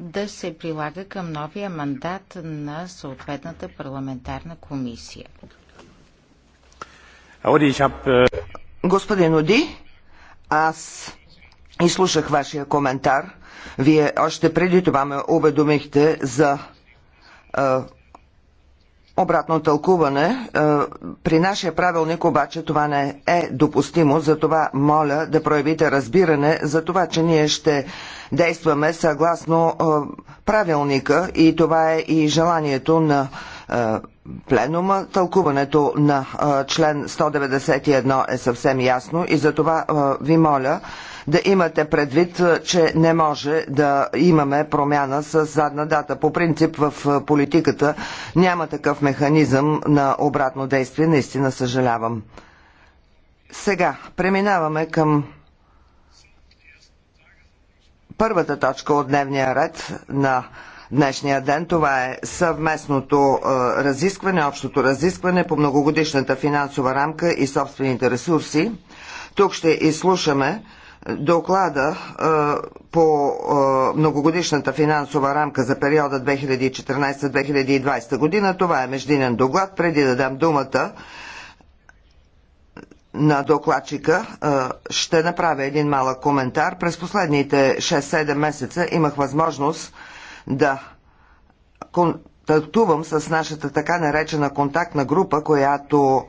да се прилага към новия мандат на съответната парламентарна комисия. Е, Господин Оди, аз изслушах вашия коментар. Вие още преди това ме уведомихте за е, обратно тълкуване. Е, при нашия правилник обаче това не е допустимо, затова моля да проявите разбиране за това, че ние ще действаме съгласно е, правилника и това е и желанието на е, пленума. Тълкуването на член 191 е съвсем ясно и затова ви моля да имате предвид, че не може да имаме промяна с задна дата. По принцип в политиката няма такъв механизъм на обратно действие. Наистина съжалявам. Сега преминаваме към първата точка от дневния ред на днешния ден. Това е съвместното е, разискване, общото разискване по многогодишната финансова рамка и собствените ресурси. Тук ще изслушаме доклада е, по е, многогодишната финансова рамка за периода 2014-2020 година. Това е междинен доклад. Преди да дам думата на докладчика е, ще направя един малък коментар. През последните 6-7 месеца имах възможност да контактувам с нашата така наречена контактна група, която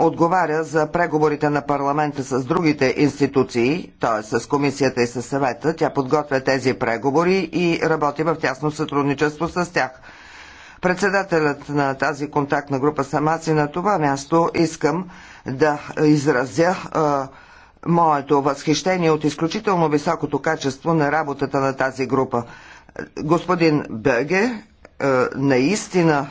отговаря за преговорите на парламента с другите институции, т.е. с комисията и с съвета. Тя подготвя тези преговори и работи в тясно сътрудничество с тях. Председателят на тази контактна група сама си на това място искам да изразя а, моето възхищение от изключително високото качество на работата на тази група. Господин Беге, наистина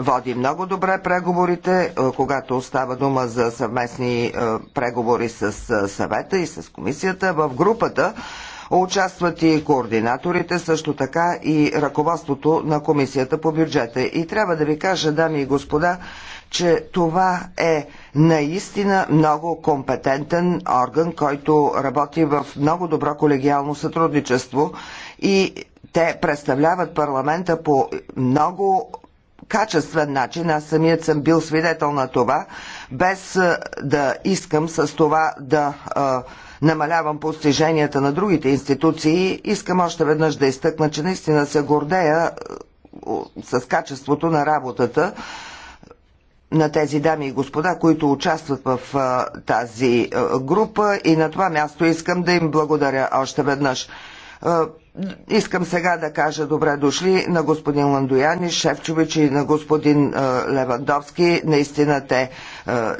води много добре преговорите, е, когато става дума за съвместни е, преговори с е, съвета и с комисията. В групата участват и координаторите, също така и ръководството на комисията по бюджета. И трябва да ви кажа, дами и господа, че това е наистина много компетентен орган, който работи в много добро колегиално сътрудничество и те представляват парламента по много качествен начин. Аз самият съм бил свидетел на това, без да искам с това да намалявам постиженията на другите институции. Искам още веднъж да изтъкна, че наистина се гордея с качеството на работата на тези дами и господа, които участват в а, тази а, група и на това място искам да им благодаря още веднъж. Искам сега да кажа добре дошли на господин Ландояни, Шевчович и на господин Левандовски. Наистина те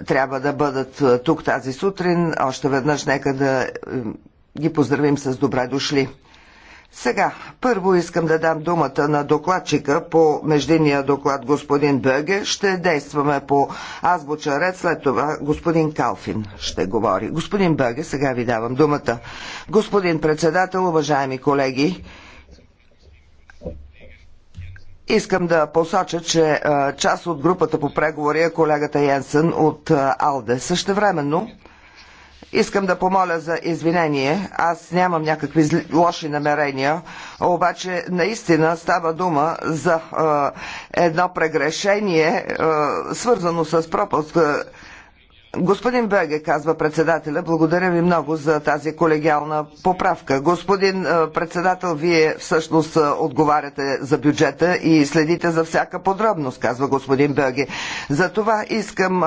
трябва да бъдат тук тази сутрин. Още веднъж нека да ги поздравим с добре дошли. Сега, първо искам да дам думата на докладчика по междинния доклад господин Бъге. Ще действаме по азбуча ред, след това господин Калфин ще говори. Господин Бъге, сега ви давам думата. Господин председател, уважаеми колеги, Искам да посоча, че част от групата по преговори е колегата Йенсен от Алде. също времено, Искам да помоля за извинение. Аз нямам някакви лоши намерения, обаче наистина става дума за е, едно прегрешение, е, свързано с пропуск. Господин Беге, казва председателя, благодаря ви много за тази колегиална поправка. Господин председател, вие всъщност отговаряте за бюджета и следите за всяка подробност, казва господин Беге. За това искам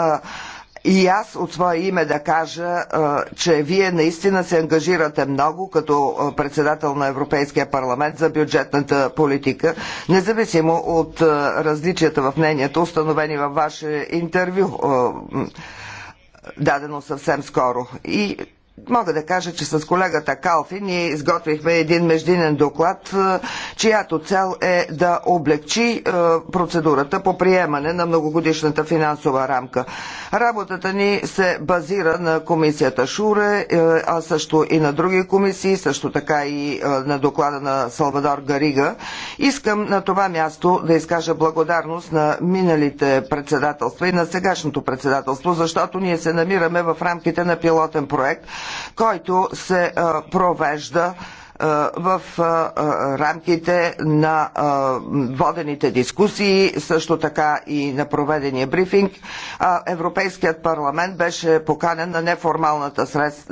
и аз от свое име да кажа, че вие наистина се ангажирате много като председател на Европейския парламент за бюджетната политика, независимо от различията в мнението, установени във ваше интервю, дадено съвсем скоро. И Мога да кажа, че с колегата Калфи ние изготвихме един междинен доклад, е, чиято цел е да облегчи е, процедурата по приемане на многогодишната финансова рамка. Работата ни се базира на комисията Шуре, е, а също и на други комисии, също така и на доклада на Салвадор Гарига. Искам на това място да изкажа благодарност на миналите председателства и на сегашното председателство, защото ние се намираме в рамките на пилотен проект, който се провежда в рамките на водените дискусии, също така и на проведения брифинг. Европейският парламент беше поканен на неформалната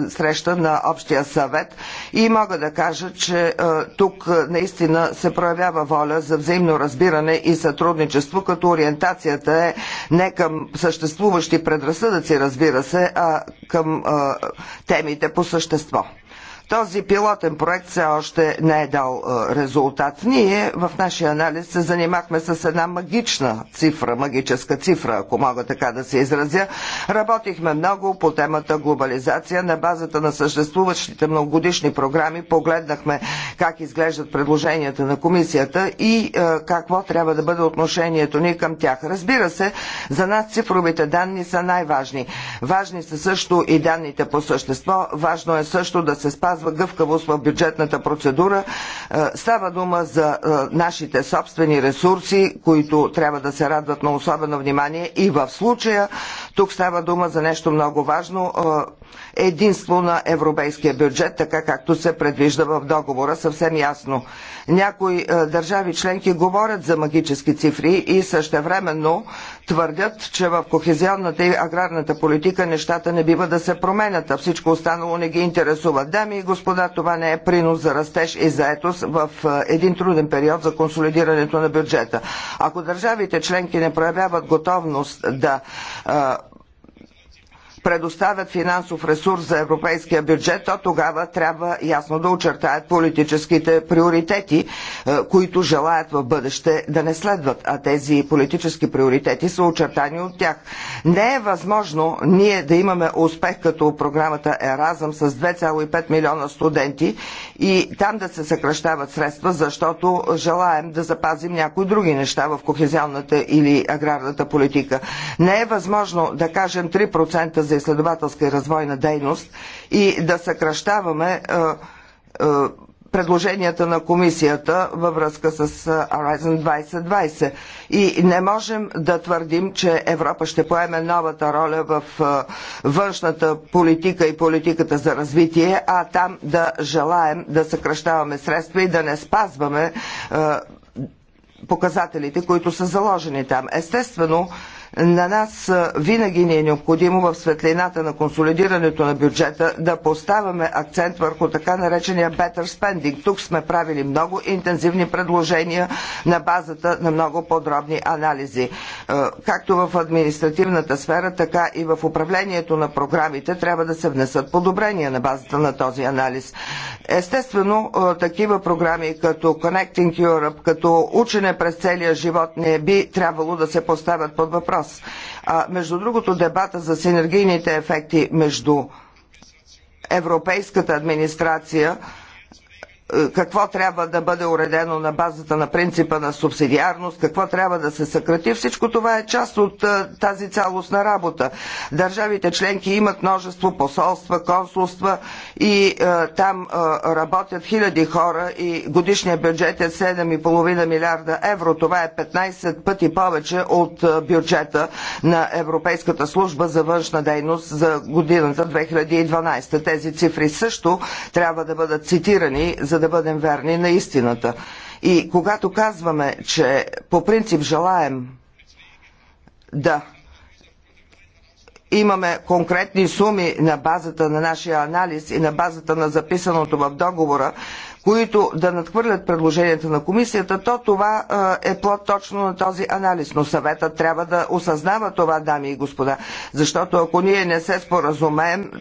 среща на Общия съвет и мога да кажа, че тук наистина се проявява воля за взаимно разбиране и сътрудничество, като ориентацията е не към съществуващи предразсъдъци, разбира се, а към темите по същество. Този пилотен проект все още не е дал е, резултат. Ние в нашия анализ се занимахме с една магична цифра, магическа цифра, ако мога така да се изразя. Работихме много по темата глобализация. На базата на съществуващите многогодишни програми погледнахме как изглеждат предложенията на комисията и е, какво трябва да бъде отношението ни към тях. Разбира се, за нас цифровите данни са най-важни. Важни са също и данните по същество. Важно е също да се спазва казва гъвкавост в бюджетната процедура. Е, става дума за е, нашите собствени ресурси, които трябва да се радват на особено внимание и в случая тук става дума за нещо много важно единство на европейския бюджет, така както се предвижда в договора съвсем ясно. Някои държави членки говорят за магически цифри и същевременно твърдят, че в кохезионната и аграрната политика нещата не бива да се променят, а всичко останало не ги интересува. Дами и господа, това не е принос за растеж и заетост в един труден период за консолидирането на бюджета. Ако държавите членки не проявяват готовност да а, предоставят финансов ресурс за европейския бюджет, то тогава трябва ясно да очертаят политическите приоритети, е, които желаят в бъдеще да не следват, а тези политически приоритети са очертани от тях. Не е възможно ние да имаме успех като програмата Еразъм с 2,5 милиона студенти и там да се съкръщават средства, защото желаем да запазим някои други неща в кохезионната или аграрната политика. Не е възможно да кажем 3% за изследователска и развойна дейност и да съкръщаваме е, е, предложенията на комисията във връзка с е, Horizon 2020. И не можем да твърдим, че Европа ще поеме новата роля в външната политика и политиката за развитие, а там да желаем да съкръщаваме средства и да не спазваме показателите, които са заложени там. Естествено, на нас винаги ни е необходимо в светлината на консолидирането на бюджета да поставяме акцент върху така наречения better spending. Тук сме правили много интензивни предложения на базата на много подробни анализи както в административната сфера, така и в управлението на програмите трябва да се внесат подобрения на базата на този анализ. Естествено, такива програми като Connecting Europe, като учене през целия живот не би трябвало да се поставят под въпрос. А, между другото, дебата за синергийните ефекти между европейската администрация какво трябва да бъде уредено на базата на принципа на субсидиарност, какво трябва да се съкрати. Всичко това е част от е, тази цялостна работа. Държавите членки имат множество посолства, консулства и е, там е, работят хиляди хора и годишният бюджет е 7,5 милиарда евро. Това е 15 пъти повече от е, бюджета на Европейската служба за външна дейност за годината 2012. Тези цифри също трябва да бъдат цитирани, за да бъдем верни на истината. И когато казваме, че по принцип желаем да имаме конкретни суми на базата на нашия анализ и на базата на записаното в договора, които да надхвърлят предложенията на комисията, то това е плод точно на този анализ. Но съветът трябва да осъзнава това, дами и господа, защото ако ние не се споразумеем,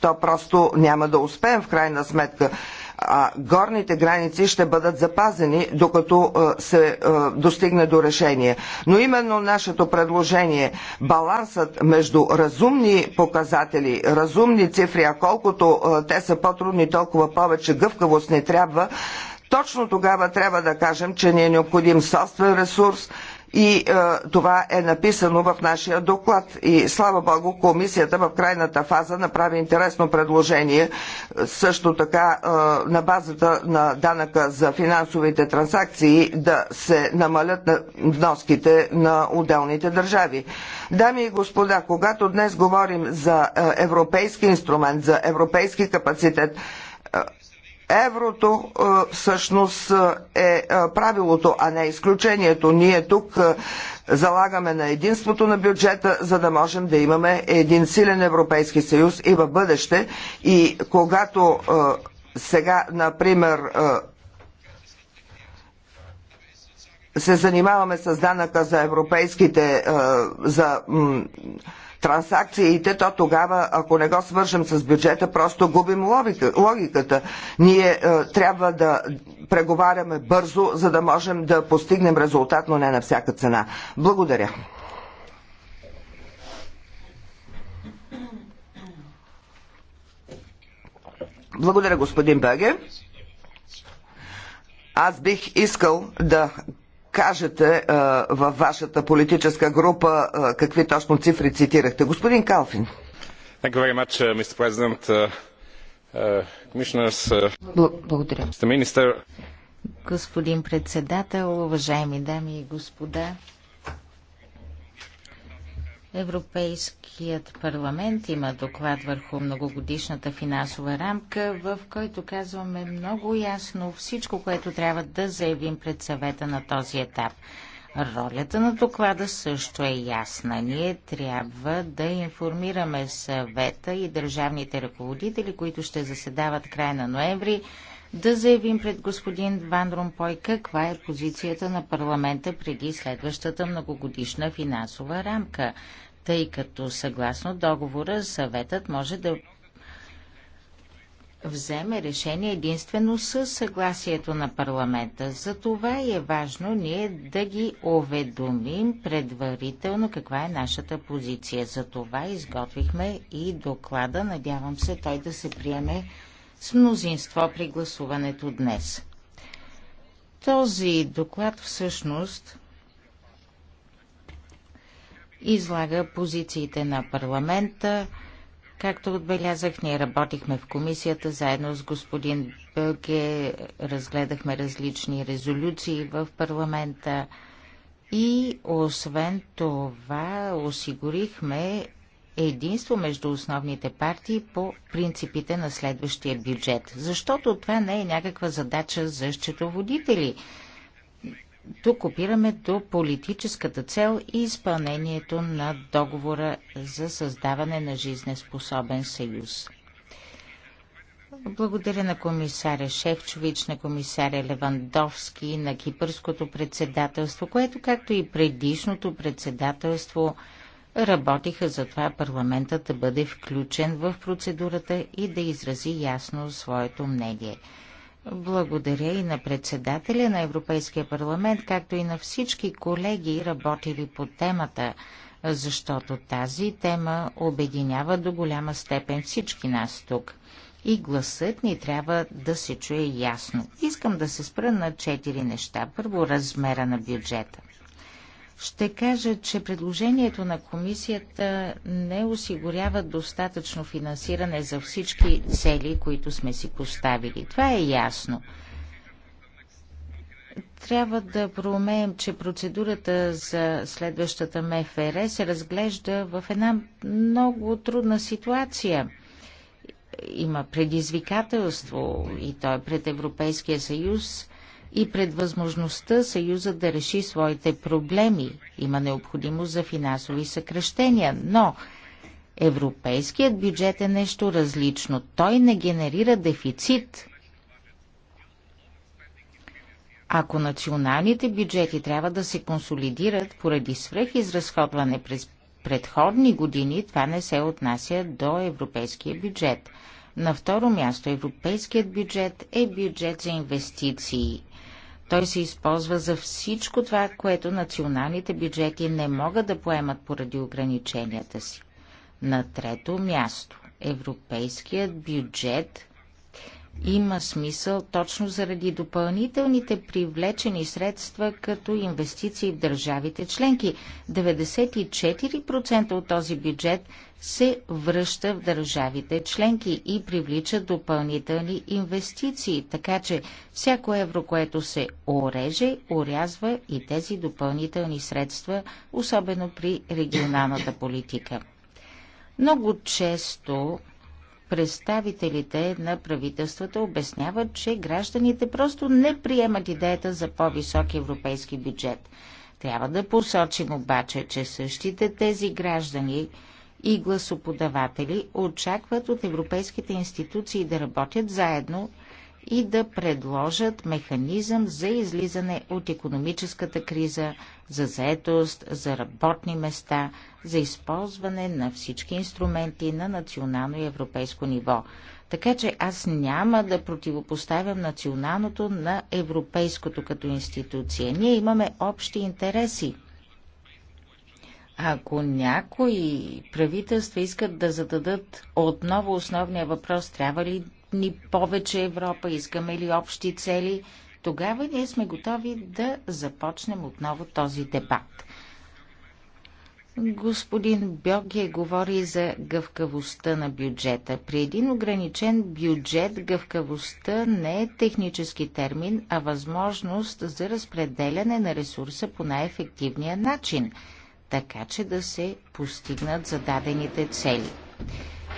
то просто няма да успеем в крайна сметка а горните граници ще бъдат запазени, докато се достигне до решение. Но именно нашето предложение, балансът между разумни показатели, разумни цифри, а колкото те са по-трудни, толкова повече гъвкавост не трябва, точно тогава трябва да кажем, че ни е необходим собствен ресурс, и е, това е написано в нашия доклад. И слава Богу, комисията в крайната фаза направи интересно предложение. Е, също така е, на базата на данъка за финансовите транзакции да се намалят на вноските на отделните държави. Дами и господа, когато днес говорим за е, европейски инструмент, за европейски капацитет, е, Еврото е, всъщност е, е правилото, а не изключението. Ние тук е, залагаме на единството на бюджета, за да можем да имаме един силен Европейски съюз и в бъдеще. И когато сега, например, се занимаваме с данъка за европейските, за транзакциите, то тогава, ако не го свържем с бюджета, просто губим логика, логиката. Ние е, трябва да преговаряме бързо, за да можем да постигнем резултат, но не на всяка цена. Благодаря. Благодаря, господин Беге. Аз бих искал да кажете във вашата политическа група какви точно цифри цитирахте. Господин Калфин. Благодаря. Господин председател, уважаеми дами и господа, Европейският парламент има доклад върху многогодишната финансова рамка, в който казваме много ясно всичко, което трябва да заявим пред съвета на този етап. Ролята на доклада също е ясна. Ние трябва да информираме съвета и държавните ръководители, които ще заседават края на ноември да заявим пред господин Ван Ромпой каква е позицията на парламента преди следващата многогодишна финансова рамка, тъй като съгласно договора съветът може да вземе решение единствено с съгласието на парламента. За това е важно ние да ги уведомим предварително каква е нашата позиция. За това изготвихме и доклада. Надявам се той да се приеме с мнозинство при гласуването днес. Този доклад всъщност излага позициите на парламента. Както отбелязах, ние работихме в комисията заедно с господин Бълге, разгледахме различни резолюции в парламента и освен това осигурихме единство между основните партии по принципите на следващия бюджет. Защото това не е някаква задача за счетоводители. Тук опираме до политическата цел и изпълнението на договора за създаване на жизнеспособен съюз. Благодаря на комисаря Шевчович, на комисаря Левандовски, на кипърското председателство, което, както и предишното председателство, работиха за това парламентът да бъде включен в процедурата и да изрази ясно своето мнение. Благодаря и на председателя на Европейския парламент, както и на всички колеги, работили по темата, защото тази тема обединява до голяма степен всички нас тук. И гласът ни трябва да се чуе ясно. Искам да се спра на четири неща. Първо, размера на бюджета ще кажа, че предложението на комисията не осигурява достатъчно финансиране за всички цели, които сме си поставили. Това е ясно. Трябва да проумеем, че процедурата за следващата МФР се разглежда в една много трудна ситуация има предизвикателство и то е пред Европейския съюз и пред възможността Съюзът да реши своите проблеми. Има необходимост за финансови съкрещения, но европейският бюджет е нещо различно. Той не генерира дефицит. Ако националните бюджети трябва да се консолидират поради свръхизразходване през предходни години, това не се отнася до европейския бюджет. На второ място, европейският бюджет е бюджет за инвестиции. Той се използва за всичко това, което националните бюджети не могат да поемат поради ограниченията си. На трето място, европейският бюджет има смисъл точно заради допълнителните привлечени средства като инвестиции в държавите членки. 94% от този бюджет се връща в държавите членки и привлича допълнителни инвестиции, така че всяко евро, което се ореже, орязва и тези допълнителни средства, особено при регионалната политика. Много често представителите на правителствата обясняват, че гражданите просто не приемат идеята за по-висок европейски бюджет. Трябва да посочим обаче, че същите тези граждани и гласоподаватели очакват от европейските институции да работят заедно – и да предложат механизъм за излизане от економическата криза, за заетост, за работни места, за използване на всички инструменти на национално и европейско ниво. Така че аз няма да противопоставям националното на европейското като институция. Ние имаме общи интереси. Ако някои правителства искат да зададат отново основния въпрос, трябва ли ни повече Европа, искаме ли общи цели, тогава ние сме готови да започнем отново този дебат. Господин Бьоге говори за гъвкавостта на бюджета. При един ограничен бюджет гъвкавостта не е технически термин, а възможност за разпределяне на ресурса по най-ефективния начин, така че да се постигнат зададените цели.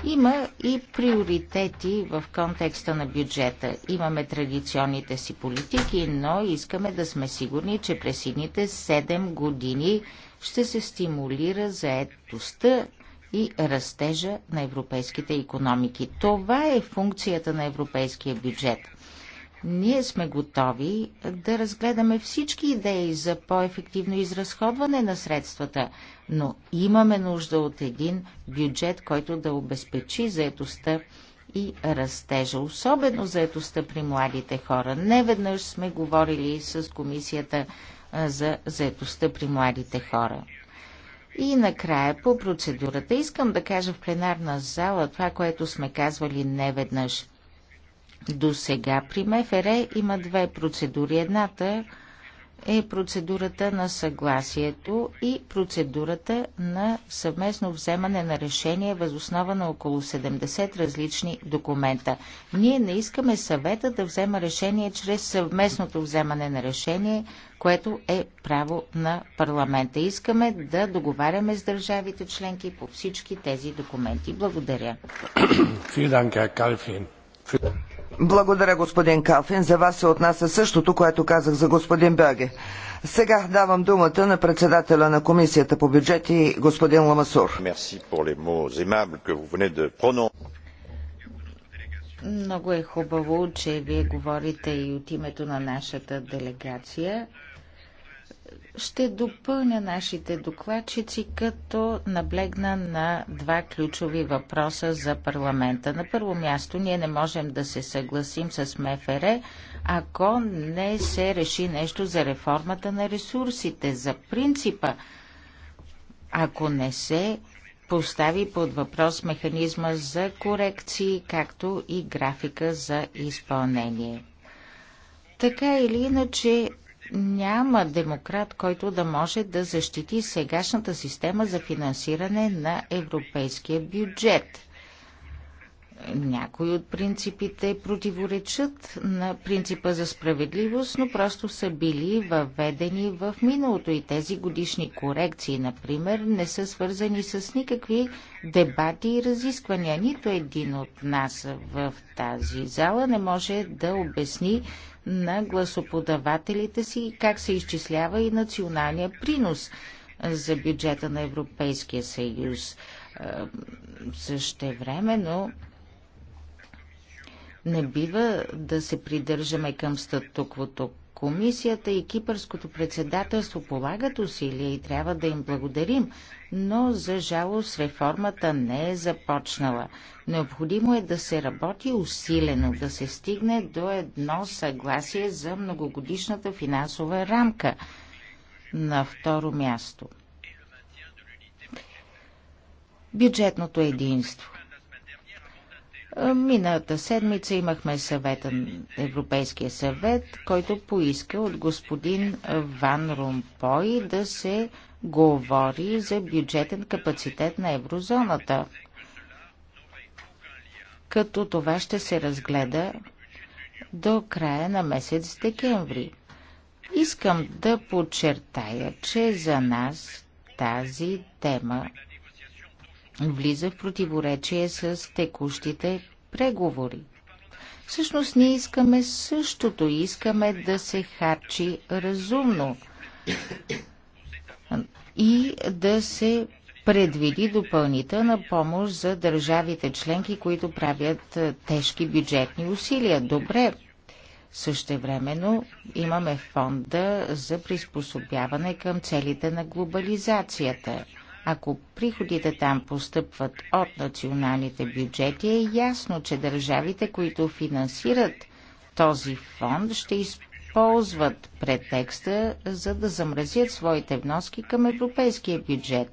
Има и приоритети в контекста на бюджета. Имаме традиционните си политики, но искаме да сме сигурни, че през едните 7 години ще се стимулира заедостта и растежа на европейските економики. Това е функцията на европейския бюджет. Ние сме готови да разгледаме всички идеи за по-ефективно изразходване на средствата, но имаме нужда от един бюджет, който да обезпечи заетостта и растежа, особено заетостта при младите хора. Не веднъж сме говорили с комисията за заетостта при младите хора. И накрая по процедурата искам да кажа в пленарна зала това, което сме казвали не веднъж. До сега при МФР има две процедури. Едната е процедурата на съгласието и процедурата на съвместно вземане на решение възоснова на около 70 различни документа. Ние не искаме съвета да взема решение чрез съвместното вземане на решение, което е право на парламента. Искаме да договаряме с държавите членки по всички тези документи. Благодаря. Благодаря, господин Калфин. За вас се отнася същото, което казах за господин Бяге. Сега давам думата на председателя на Комисията по бюджети, господин Ламасур. Много е хубаво, че вие говорите и от името на нашата делегация. Ще допълня нашите докладчици, като наблегна на два ключови въпроса за парламента. На първо място, ние не можем да се съгласим с МФР, ако не се реши нещо за реформата на ресурсите, за принципа. Ако не се постави под въпрос механизма за корекции, както и графика за изпълнение. Така или иначе, няма демократ, който да може да защити сегашната система за финансиране на европейския бюджет. Някои от принципите противоречат на принципа за справедливост, но просто са били въведени в миналото и тези годишни корекции, например, не са свързани с никакви дебати и разисквания. Нито един от нас в тази зала не може да обясни на гласоподавателите си, как се изчислява и националния принос за бюджета на Европейския съюз. но не бива да се придържаме към статуквото. Комисията и кипърското председателство полагат усилия и трябва да им благодарим но за жалост реформата не е започнала. Необходимо е да се работи усилено, да се стигне до едно съгласие за многогодишната финансова рамка. На второ място. Бюджетното единство. Миналата седмица имахме съвета, Европейския съвет, който поиска от господин Ван Румпой да се говори за бюджетен капацитет на еврозоната. Като това ще се разгледа до края на месец декември. Искам да подчертая, че за нас тази тема влиза в противоречие с текущите преговори. Всъщност ние искаме същото, искаме да се харчи разумно и да се предвиди допълнителна помощ за държавите членки, които правят е, тежки бюджетни усилия. Добре, Същевременно имаме фонда за приспособяване към целите на глобализацията. Ако приходите там постъпват от националните бюджети, е ясно, че държавите, които финансират този фонд, ще използват използват претекста, за да замразят своите вноски към европейския бюджет.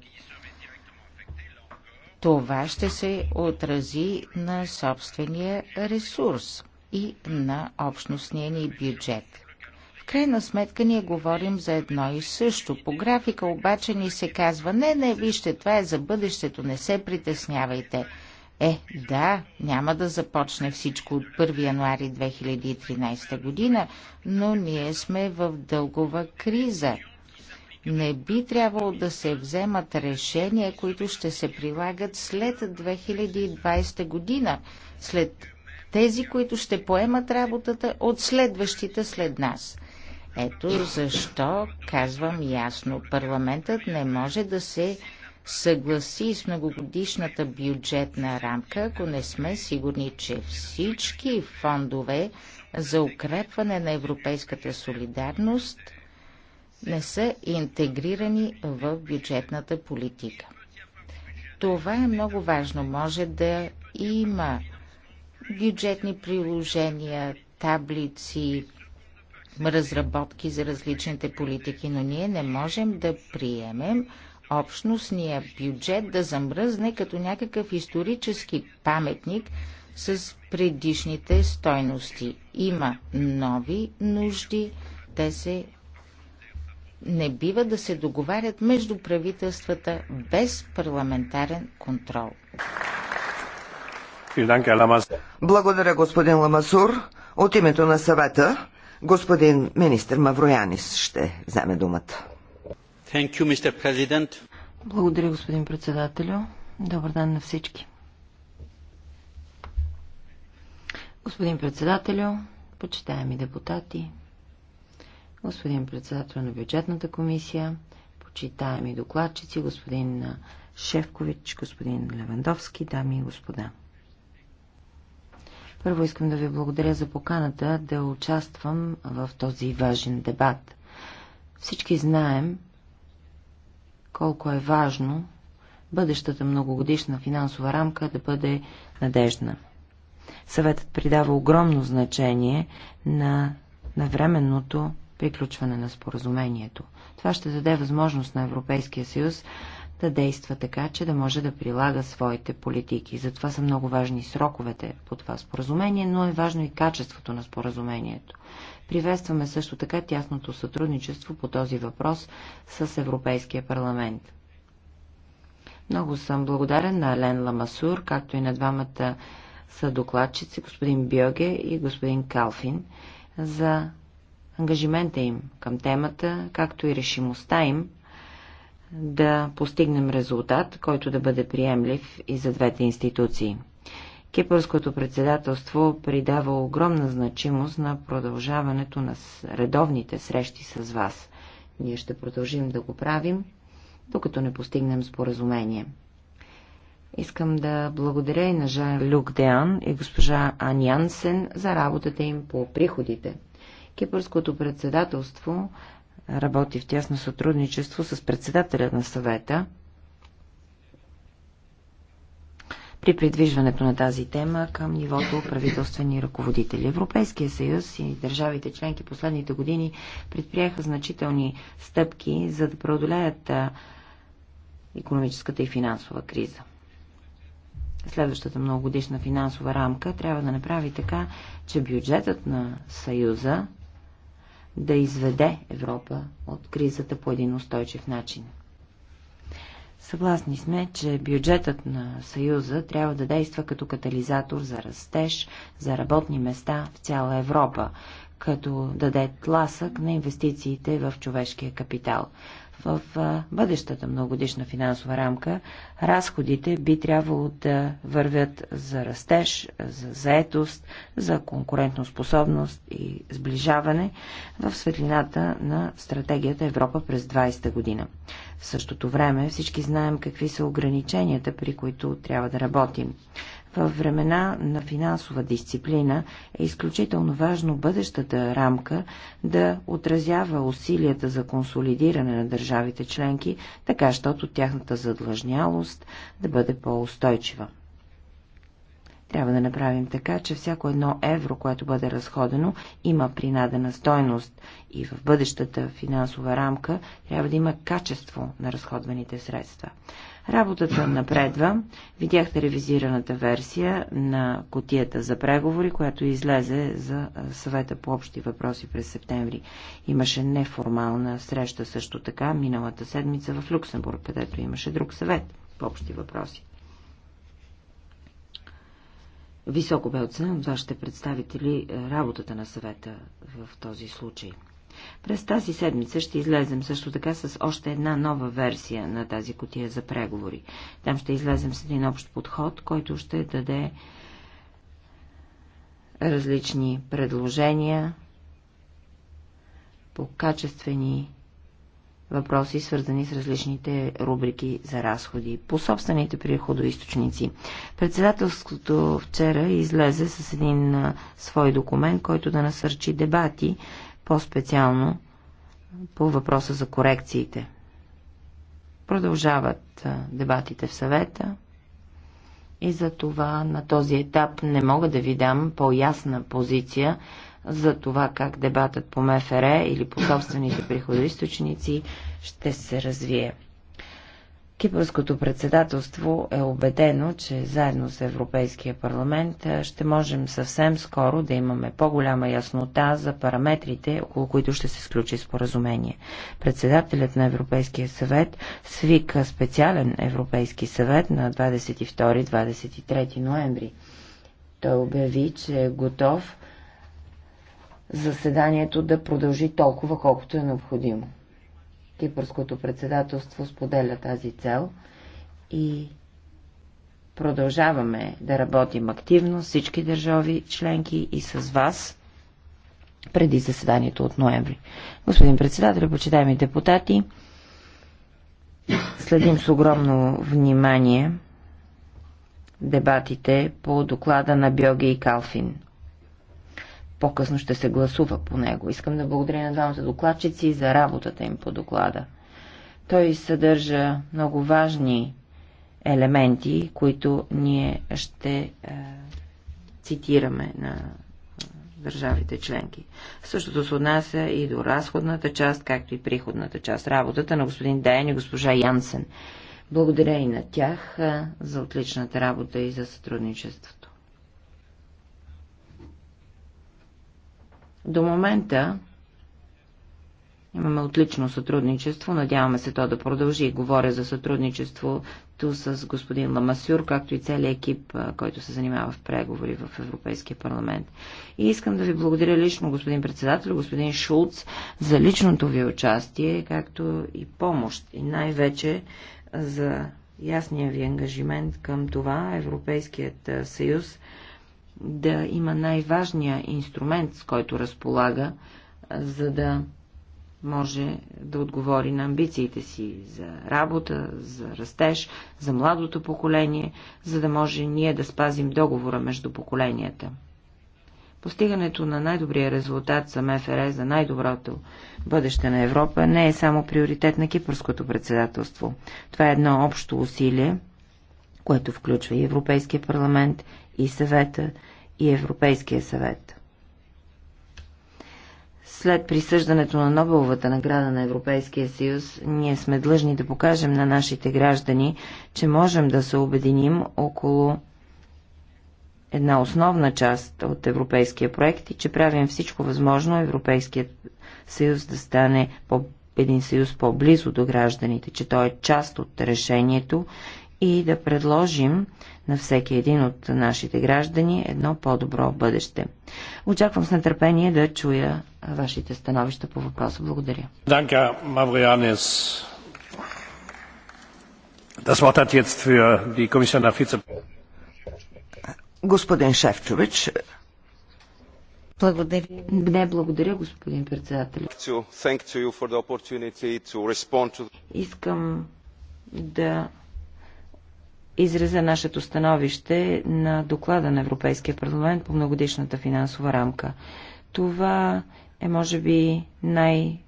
Това ще се отрази на собствения ресурс и на общностния ни бюджет. В крайна сметка ние говорим за едно и също. По графика обаче ни се казва, не, не, вижте, това е за бъдещето, не се притеснявайте. Е, да, няма да започне всичко от 1 януари 2013 година, но ние сме в дългова криза. Не би трябвало да се вземат решения, които ще се прилагат след 2020 година, след тези, които ще поемат работата от следващите след нас. Ето защо казвам ясно, парламентът не може да се съгласи с многогодишната бюджетна рамка, ако не сме сигурни, че всички фондове за укрепване на европейската солидарност не са интегрирани в бюджетната политика. Това е много важно. Може да има бюджетни приложения, таблици, разработки за различните политики, но ние не можем да приемем общностния бюджет да замръзне като някакъв исторически паметник с предишните стойности. Има нови нужди, те се не бива да се договарят между правителствата без парламентарен контрол. Благодаря, господин Ламасур. От името на съвета, господин министр Мавроянис ще вземе думата. You, Благодаря, господин председателю. Добър ден на всички. Господин председателю, почитаеми депутати, господин председател на бюджетната комисия, почитаеми докладчици, господин Шевкович, господин Левандовски, дами и господа. Първо искам да ви благодаря за поканата да участвам в този важен дебат. Всички знаем, колко е важно бъдещата многогодишна финансова рамка да бъде надежна. Съветът придава огромно значение на навременното приключване на споразумението. Това ще даде възможност на Европейския съюз да действа така, че да може да прилага своите политики. Затова са много важни сроковете по това споразумение, но е важно и качеството на споразумението. Приветстваме също така тясното сътрудничество по този въпрос с Европейския парламент. Много съм благодарен на Лен Ламасур, както и на двамата са докладчици, господин Бьоге и господин Калфин, за ангажимента им към темата, както и решимостта им да постигнем резултат, който да бъде приемлив и за двете институции. Кипърското председателство придава огромна значимост на продължаването на редовните срещи с вас. Ние ще продължим да го правим, докато не постигнем споразумение. Искам да благодаря и на Жан Люк Деан и госпожа Аниансен за работата им по приходите. Кипърското председателство работи в тясно сътрудничество с председателя на съвета, при придвижването на тази тема към нивото правителствени ръководители. Европейския съюз и държавите членки последните години предприеха значителни стъпки за да преодолеят економическата и финансова криза. Следващата многогодишна финансова рамка трябва да направи така, че бюджетът на Съюза да изведе Европа от кризата по един устойчив начин. Съгласни сме, че бюджетът на Съюза трябва да действа като катализатор за растеж, за работни места в цяла Европа, като даде тласък на инвестициите в човешкия капитал. В бъдещата многодишна финансова рамка разходите би трябвало да вървят за растеж, за заетост, за конкурентоспособност и сближаване в светлината на стратегията Европа през 20-та година. В същото време всички знаем какви са ограниченията, при които трябва да работим. В времена на финансова дисциплина е изключително важно бъдещата рамка да отразява усилията за консолидиране на държавите членки, така щото тяхната задлъжнялост да бъде по-устойчива. Трябва да направим така, че всяко едно евро, което бъде разходено, има принадена стойност и в бъдещата финансова рамка трябва да има качество на разходваните средства. Работата напредва. Видяхте ревизираната версия на котията за преговори, която излезе за съвета по общи въпроси през септември. Имаше неформална среща също така миналата седмица в Люксембург, където имаше друг съвет по общи въпроси. Високо бе оценен от вашите представители е, работата на съвета в този случай. През тази седмица ще излезем също така с още една нова версия на тази котия за преговори. Там ще излезем с един общ подход, който ще даде различни предложения по качествени въпроси, свързани с различните рубрики за разходи по собствените приходоисточници. Председателството вчера излезе с един а, свой документ, който да насърчи дебати, по-специално по въпроса за корекциите. Продължават а, дебатите в съвета и за това на този етап не мога да ви дам по-ясна позиция за това как дебатът по МФР или по собствените приходоисточници ще се развие. Кипърското председателство е убедено, че заедно с Европейския парламент ще можем съвсем скоро да имаме по-голяма яснота за параметрите, около които ще се сключи споразумение. Председателят на Европейския съвет свика специален Европейски съвет на 22-23 ноември. Той обяви, че е готов заседанието да продължи толкова, колкото е необходимо. Кипърското председателство споделя тази цел и продължаваме да работим активно всички държави членки и с вас преди заседанието от ноември. Господин председател, почитаеми депутати, следим с огромно внимание дебатите по доклада на Бьоги и Калфин по-късно ще се гласува по него. Искам да благодаря на двамата докладчици за работата им по доклада. Той съдържа много важни елементи, които ние ще е, цитираме на е, държавите членки. Същото се отнася и до разходната част, както и приходната част. Работата на господин Дайен и госпожа Янсен. Благодаря и на тях е, за отличната работа и за сътрудничеството. До момента имаме отлично сътрудничество, надяваме се то да продължи. Говоря за сътрудничеството с господин Ламасюр, както и целият екип, който се занимава в преговори в Европейския парламент. И искам да ви благодаря лично, господин председател, господин Шулц, за личното ви участие, както и помощ, и най-вече за ясния ви ангажимент към това Европейският съюз да има най-важния инструмент, с който разполага, за да може да отговори на амбициите си за работа, за растеж, за младото поколение, за да може ние да спазим договора между поколенията. Постигането на най-добрия резултат за МФР за най-доброто бъдеще на Европа не е само приоритет на кипърското председателство. Това е едно общо усилие, което включва и Европейския парламент, и съвета и Европейския съвет. След присъждането на Нобеловата награда на Европейския съюз, ние сме длъжни да покажем на нашите граждани, че можем да се обединим около една основна част от европейския проект и че правим всичко възможно Европейският съюз да стане по един съюз по-близо до гражданите, че той е част от решението и да предложим на всеки един от нашите граждани едно по-добро бъдеще. Очаквам с нетърпение да чуя вашите становища по въпроса. Благодаря. Данка, Маврианес. Das Wort hat jetzt für die Kommissioner Vizepräsident. Господин Шефчович, благодаря. Не, благодаря, господин председател. Искам да Изреза нашето становище на доклада на Европейския парламент по многодишната финансова рамка. Това е, може би, най-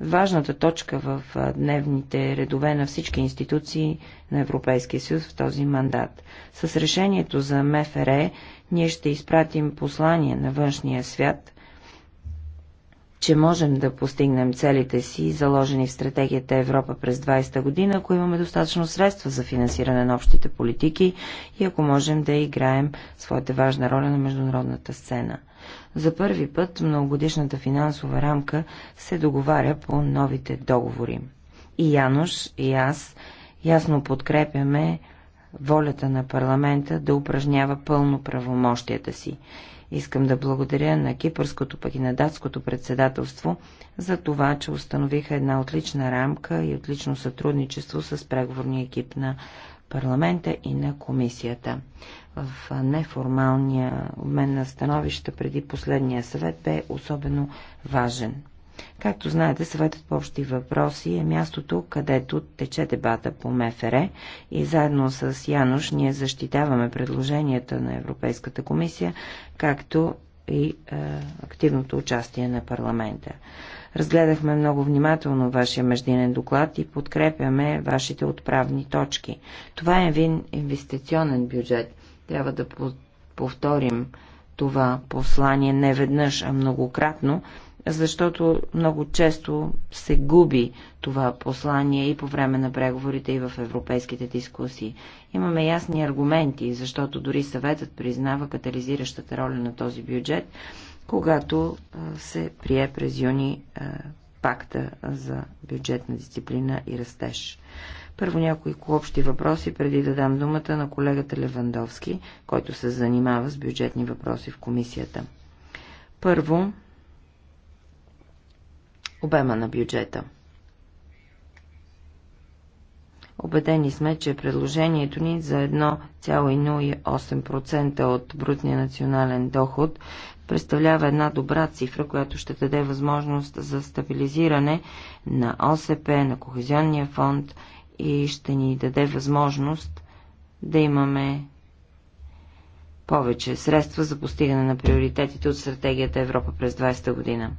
важната точка в дневните редове на всички институции на Европейския съюз в този мандат. С решението за МФР ние ще изпратим послание на външния свят, че можем да постигнем целите си, заложени в стратегията Европа през 20-та година, ако имаме достатъчно средства за финансиране на общите политики и ако можем да играем своята важна роля на международната сцена. За първи път многогодишната финансова рамка се договаря по новите договори. И Януш, и аз ясно подкрепяме волята на парламента да упражнява пълно правомощията си. Искам да благодаря на кипърското пък и на датското председателство за това, че установиха една отлична рамка и отлично сътрудничество с преговорния екип на парламента и на комисията. В неформалния обмен на становища преди последния съвет бе особено важен. Както знаете, съветът по общи въпроси е мястото, където тече дебата по МФР и заедно с Януш ние защитаваме предложенията на Европейската комисия, както и е, активното участие на парламента. Разгледахме много внимателно вашия междинен доклад и подкрепяме вашите отправни точки. Това е един инвестиционен бюджет. Трябва да повторим това послание не веднъж, а многократно защото много често се губи това послание и по време на преговорите, и в европейските дискусии. Имаме ясни аргументи, защото дори съветът признава катализиращата роля на този бюджет, когато се прие през юни пакта за бюджетна дисциплина и растеж. Първо някои общи въпроси, преди да дам думата на колегата Левандовски, който се занимава с бюджетни въпроси в комисията. Първо, обема на бюджета. Обедени сме, че предложението ни за 1,08% от брутния национален доход представлява една добра цифра, която ще даде възможност за стабилизиране на ОСП, на Кохезионния фонд и ще ни даде възможност да имаме повече средства за постигане на приоритетите от стратегията Европа през 20 година.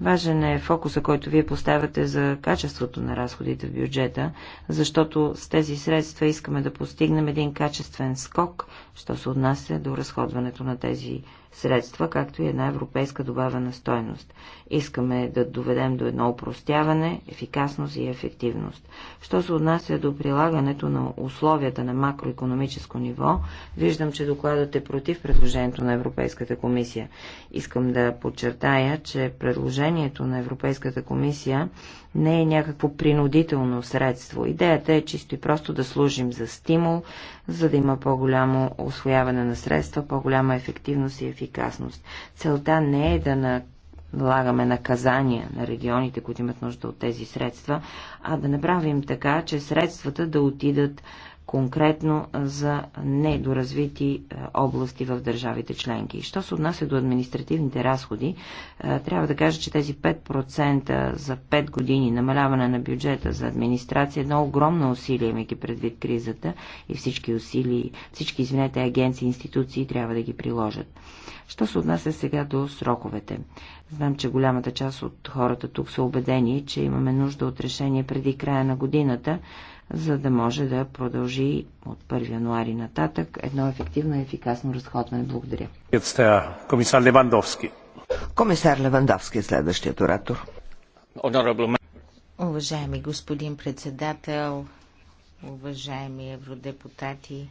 Важен е фокуса, който вие поставяте за качеството на разходите в бюджета, защото с тези средства искаме да постигнем един качествен скок, що се отнася до разходването на тези средства, както и една европейска добавена стойност. Искаме да доведем до едно упростяване, ефикасност и ефективност. Що се отнася до прилагането на условията на макроекономическо ниво, виждам, че докладът е против предложението на Европейската комисия. Искам да подчертая, че предложението на Европейската комисия не е някакво принудително средство. Идеята е чисто и просто да служим за стимул, за да има по-голямо освояване на средства, по-голяма ефективност и ефикасност. Целта не е да на налагаме наказания на регионите, които имат нужда от тези средства, а да направим така, че средствата да отидат конкретно за недоразвити е, области в държавите членки. Що се отнася до административните разходи, е, трябва да кажа, че тези 5% за 5 години намаляване на бюджета за администрация е едно огромно усилие, имайки предвид кризата и всички усилия, всички, извинете, агенции, институции трябва да ги приложат. Що се отнася сега до сроковете? Знам, че голямата част от хората тук са убедени, че имаме нужда от решение преди края на годината, за да може да продължи от 1 януари нататък едно ефективно и ефикасно разходване. Благодаря. Комисар Левандовски. Комисар Левандовски е следващият оратор. Уважаеми господин председател, уважаеми евродепутати,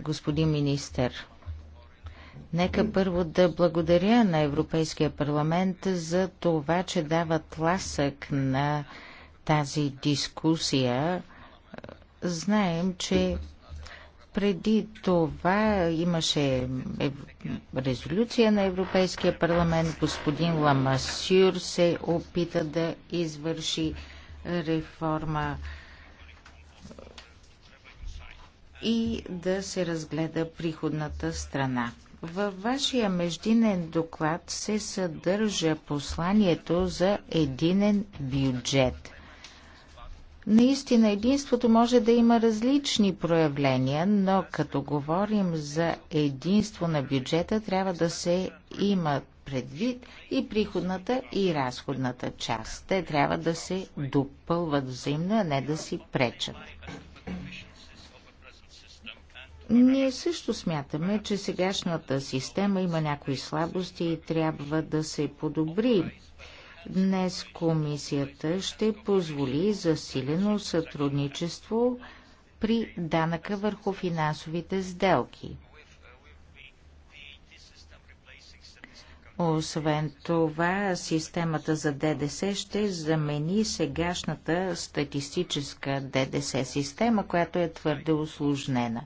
господин министър, Нека първо да благодаря на Европейския парламент за това, че дава тласък на тази дискусия, знаем, че преди това имаше резолюция на Европейския парламент. Господин Ламасюр се опита да извърши реформа и да се разгледа приходната страна. Във вашия междинен доклад се съдържа посланието за единен бюджет – Наистина единството може да има различни проявления, но като говорим за единство на бюджета, трябва да се има предвид и приходната и разходната част. Те трябва да се допълват взаимно, а не да си пречат. Ние също смятаме, че сегашната система има някои слабости и трябва да се подобри. Днес комисията ще позволи засилено сътрудничество при данъка върху финансовите сделки. Освен това, системата за ДДС ще замени сегашната статистическа ДДС система, която е твърде осложнена.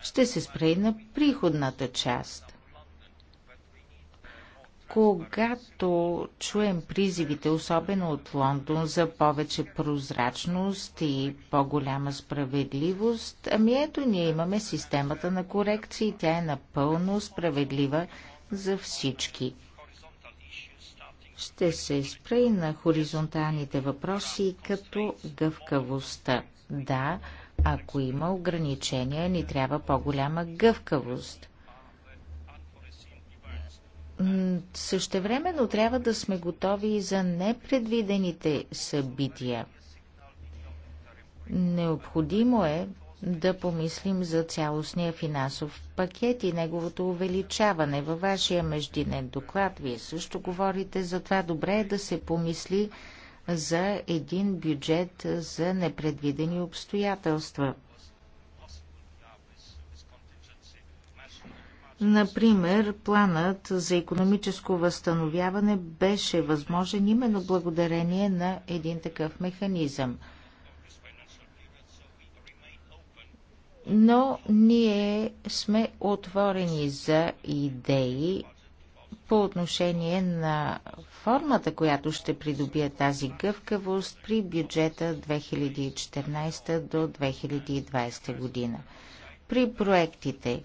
Ще се спре и на приходната част. Когато чуем призивите, особено от Лондон, за повече прозрачност и по-голяма справедливост, ами ето ние имаме системата на корекции. Тя е напълно справедлива за всички. Ще се спре и на хоризонталните въпроси, като гъвкавостта. Да, ако има ограничения, ни трябва по-голяма гъвкавост – Същевременно трябва да сме готови и за непредвидените събития. Необходимо е да помислим за цялостния финансов пакет и неговото увеличаване. Във вашия междинен доклад вие също говорите за това. Добре е да се помисли за един бюджет за непредвидени обстоятелства. Например, планът за економическо възстановяване беше възможен именно благодарение на един такъв механизъм. Но ние сме отворени за идеи по отношение на формата, която ще придобие тази гъвкавост при бюджета 2014 до 2020 година. При проектите,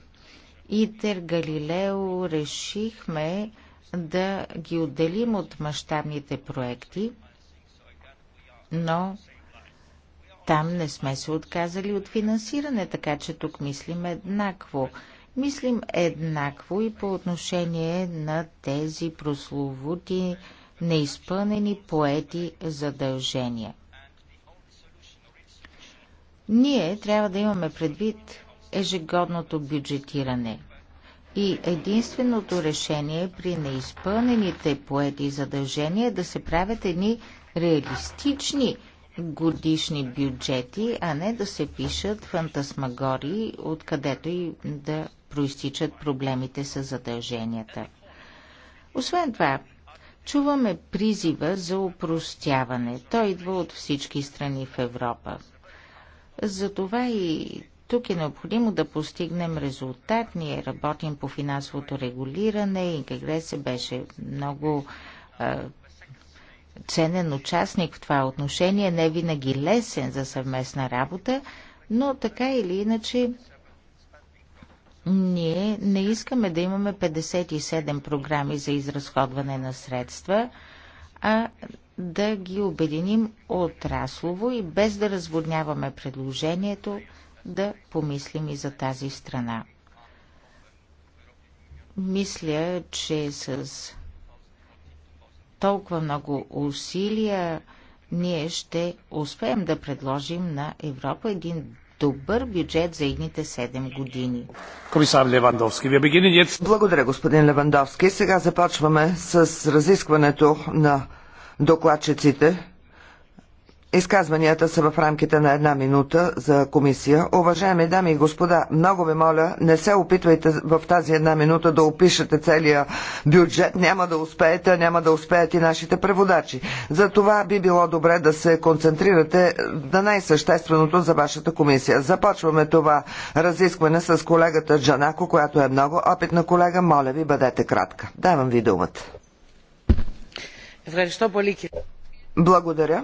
ИТЕР, Галилео решихме да ги отделим от мащабните проекти, но там не сме се отказали от финансиране, така че тук мислим еднакво. Мислим еднакво и по отношение на тези прословути неизпълнени поети задължения. Ние трябва да имаме предвид ежегодното бюджетиране. И единственото решение е при неизпълнените поети задължения е да се правят едни реалистични годишни бюджети, а не да се пишат фантасмагории, откъдето и да проистичат проблемите с задълженията. Освен това, чуваме призива за упростяване. Той идва от всички страни в Европа. Затова и тук е необходимо да постигнем резултат. Ние работим по финансовото регулиране и Кагресе беше много а, ценен участник в това отношение, не винаги лесен за съвместна работа, но така или иначе ние не искаме да имаме 57 програми за изразходване на средства, а да ги обединим отраслово и без да разводняваме предложението, да помислим и за тази страна. Мисля, че с толкова много усилия ние ще успеем да предложим на Европа един добър бюджет за едните 7 години. Комисар Левандовски, ви бегинен Благодаря, господин Левандовски. Сега започваме с разискването на докладчиците. Изказванията са в рамките на една минута за комисия. Уважаеми дами и господа, много ви моля, не се опитвайте в тази една минута да опишете целия бюджет. Няма да успеете, няма да успеят и нашите преводачи. За това би било добре да се концентрирате на най-същественото за вашата комисия. Започваме това разискване с колегата Джанако, която е много опитна колега. Моля ви, бъдете кратка. Давам ви думата. Благодаря.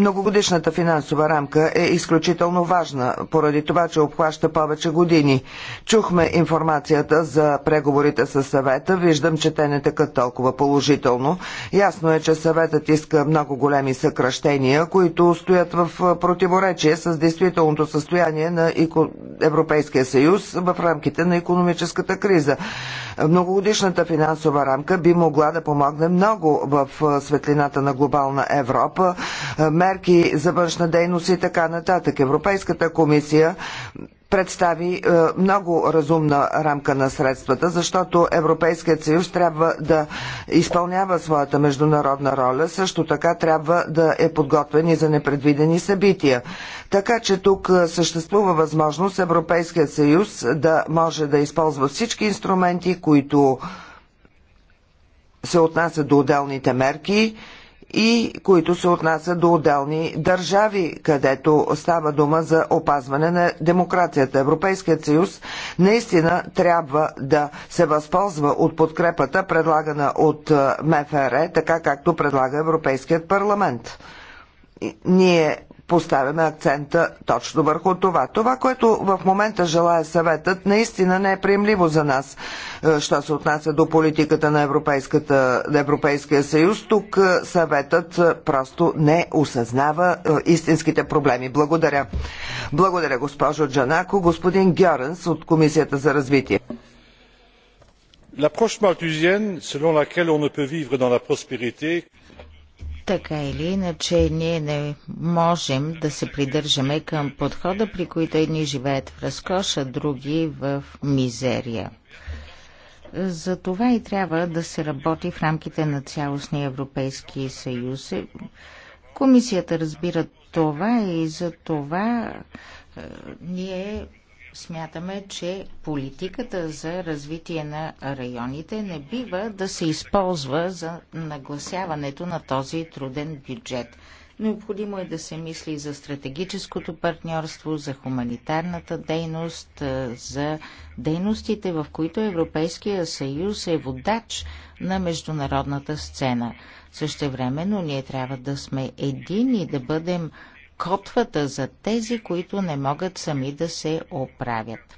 Многогодишната финансова рамка е изключително важна, поради това, че обхваща повече години. Чухме информацията за преговорите с съвета, виждам, че те не тъкат толкова положително. Ясно е, че съветът иска много големи съкръщения, които стоят в противоречие с действителното състояние на Европейския съюз в рамките на економическата криза. Многогодишната финансова рамка би могла да помогне много в светлината на глобална Европа мерки за външна дейност и така нататък. Европейската комисия представи е, много разумна рамка на средствата, защото Европейският съюз трябва да изпълнява своята международна роля, също така трябва да е подготвен и за непредвидени събития. Така че тук е, съществува възможност Европейският съюз да може да използва всички инструменти, които се отнасят до отделните мерки, и които се отнасят до отделни държави, където става дума за опазване на демокрацията. Европейският съюз наистина трябва да се възползва от подкрепата, предлагана от МФР, така както предлага Европейският парламент. Ние поставяме акцента точно върху това. Това, което в момента желая съветът, наистина не е приемливо за нас, е, що се отнася до политиката на, Европейската, на Европейския съюз. Тук е, съветът е, просто не осъзнава истинските проблеми. Благодаря. Благодаря, госпожо Джанако. Господин Гьоренс от Комисията за развитие. L'approche malthusienne, selon laquelle on ne peut vivre dans la prospérité, така или иначе, ние не можем да се придържаме към подхода, при които едни живеят в разкош, а други в мизерия. За това и трябва да се работи в рамките на цялостния Европейски съюз. Комисията разбира това и за това е, ние Смятаме, че политиката за развитие на районите не бива да се използва за нагласяването на този труден бюджет. Необходимо е да се мисли за стратегическото партньорство, за хуманитарната дейност, за дейностите, в които Европейския съюз е водач на международната сцена. Същевременно ние трябва да сме едини, да бъдем котвата за тези, които не могат сами да се оправят.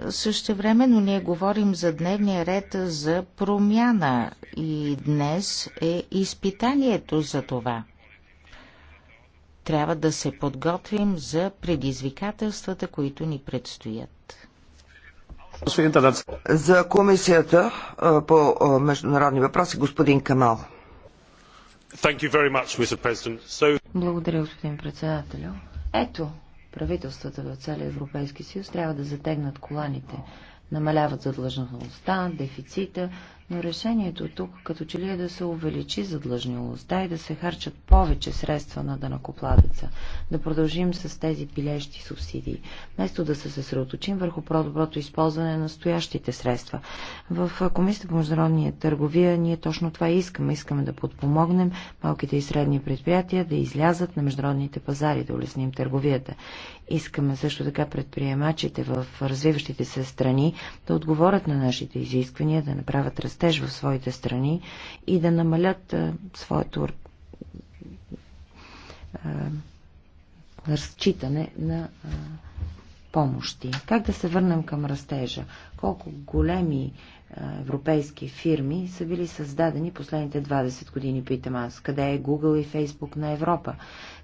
Също Същевременно ние говорим за дневния ред за промяна и днес е изпитанието за това. Трябва да се подготвим за предизвикателствата, които ни предстоят. За комисията по международни въпроси господин Камал. Благодаря, господин председател. Ето, правителствата в целия Европейски съюз трябва да затегнат коланите, намаляват задлъжността, дефицита, но решението тук като че ли е да се увеличи задлъжнилостта и да се харчат повече средства на дънакопладеца, да продължим с тези пилещи субсидии, вместо да се съсредоточим върху по-доброто използване на стоящите средства. В Комисията по международния търговия ние точно това искаме. Искаме да подпомогнем малките и средни предприятия да излязат на международните пазари, да улесним търговията. Искаме също така предприемачите в развиващите се страни да отговорят на нашите изисквания, да направят растеж в своите страни и да намалят а, своето а, разчитане на а, помощи. Как да се върнем към растежа? Колко големи европейски фирми са били създадени последните 20 години, питам аз. Къде е Google и Facebook на Европа?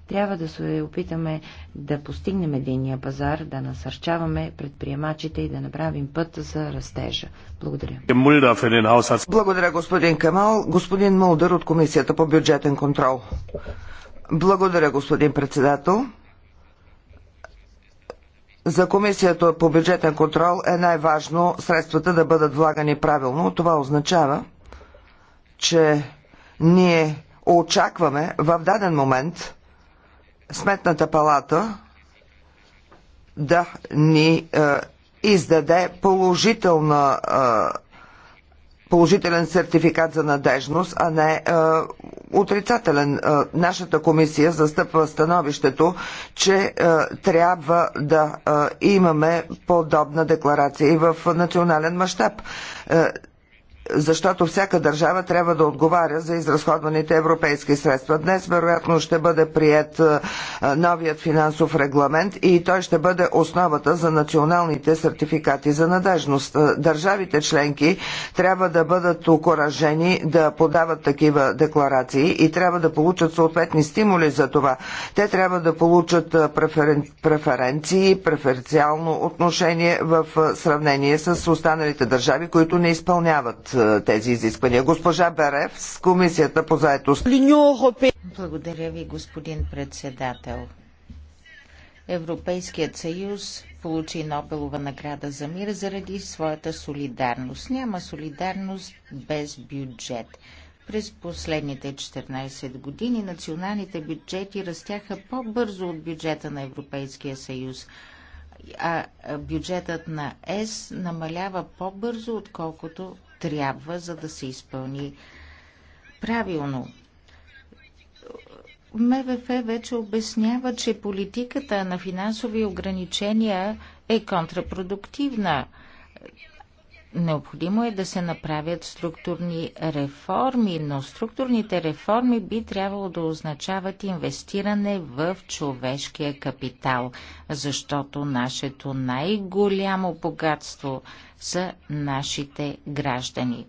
Трябва да се опитаме да постигнем единния пазар, да насърчаваме предприемачите и да направим път за растежа. Благодаря. Благодаря, господин Камал. Господин Мулдър от Комисията по бюджетен контрол. Благодаря, господин председател. За Комисията по бюджетен контрол е най-важно средствата да бъдат влагани правилно. Това означава, че ние очакваме в даден момент Сметната палата да ни е, издаде положителна, е, положителен сертификат за надежност, а не е, отрицателен. Е, нашата комисия застъпва становището, че е, трябва да е, имаме подобна декларация и в национален мащаб. Е, защото всяка държава трябва да отговаря за изразходваните европейски средства. Днес вероятно ще бъде прият новият финансов регламент и той ще бъде основата за националните сертификати за надежност. Държавите членки трябва да бъдат окоражени да подават такива декларации и трябва да получат съответни стимули за това. Те трябва да получат преферен... преференции, преференциално отношение в сравнение с останалите държави, които не изпълняват е, тези изисквания. Госпожа Берев с Комисията по заетост. Благодаря ви, господин председател. Европейският съюз получи Нобелова награда за мир заради своята солидарност. Няма солидарност без бюджет. През последните 14 години националните бюджети растяха по-бързо от бюджета на Европейския съюз, а бюджетът на ЕС намалява по-бързо, отколкото трябва, за да се изпълни правилно. МВФ вече обяснява, че политиката на финансови ограничения е контрапродуктивна. Необходимо е да се направят структурни реформи, но структурните реформи би трябвало да означават инвестиране в човешкия капитал, защото нашето най-голямо богатство са нашите граждани.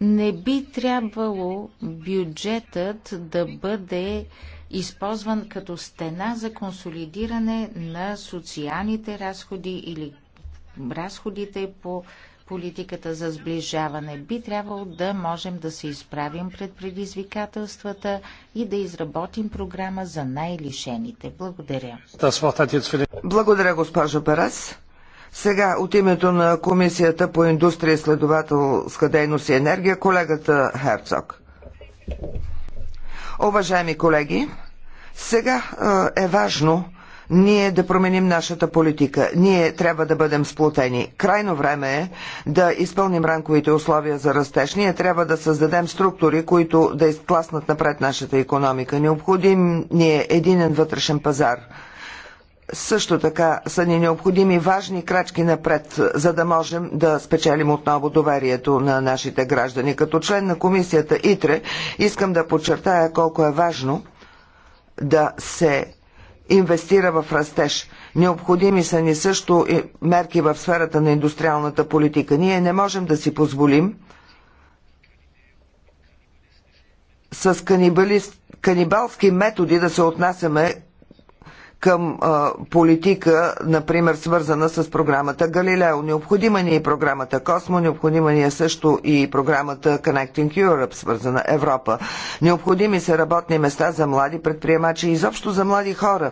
Не би трябвало бюджетът да бъде използван като стена за консолидиране на социалните разходи или разходите по политиката за сближаване. Би трябвало да можем да се изправим пред предизвикателствата и да изработим програма за най-лишените. Благодаря. Благодаря, госпожо Парас. Сега от името на Комисията по индустрия, следователска дейност и енергия, колегата Херцог. Уважаеми колеги, сега е важно ние да променим нашата политика. Ние трябва да бъдем сплотени. Крайно време е да изпълним ранковите условия за растеж. Ние трябва да създадем структури, които да изтласнат напред нашата економика. Необходим ни е единен вътрешен пазар. Също така са ни необходими важни крачки напред, за да можем да спечелим отново доверието на нашите граждани. Като член на комисията ИТРЕ искам да подчертая колко е важно да се инвестира в растеж. Необходими са ни също мерки в сферата на индустриалната политика. Ние не можем да си позволим с канибалски методи да се отнасяме към а, политика, например, свързана с програмата Галилео. Необходима ни е програмата Космо, необходима ни е също и програмата Connecting Europe, свързана Европа. Необходими са работни места за млади предприемачи и изобщо за млади хора.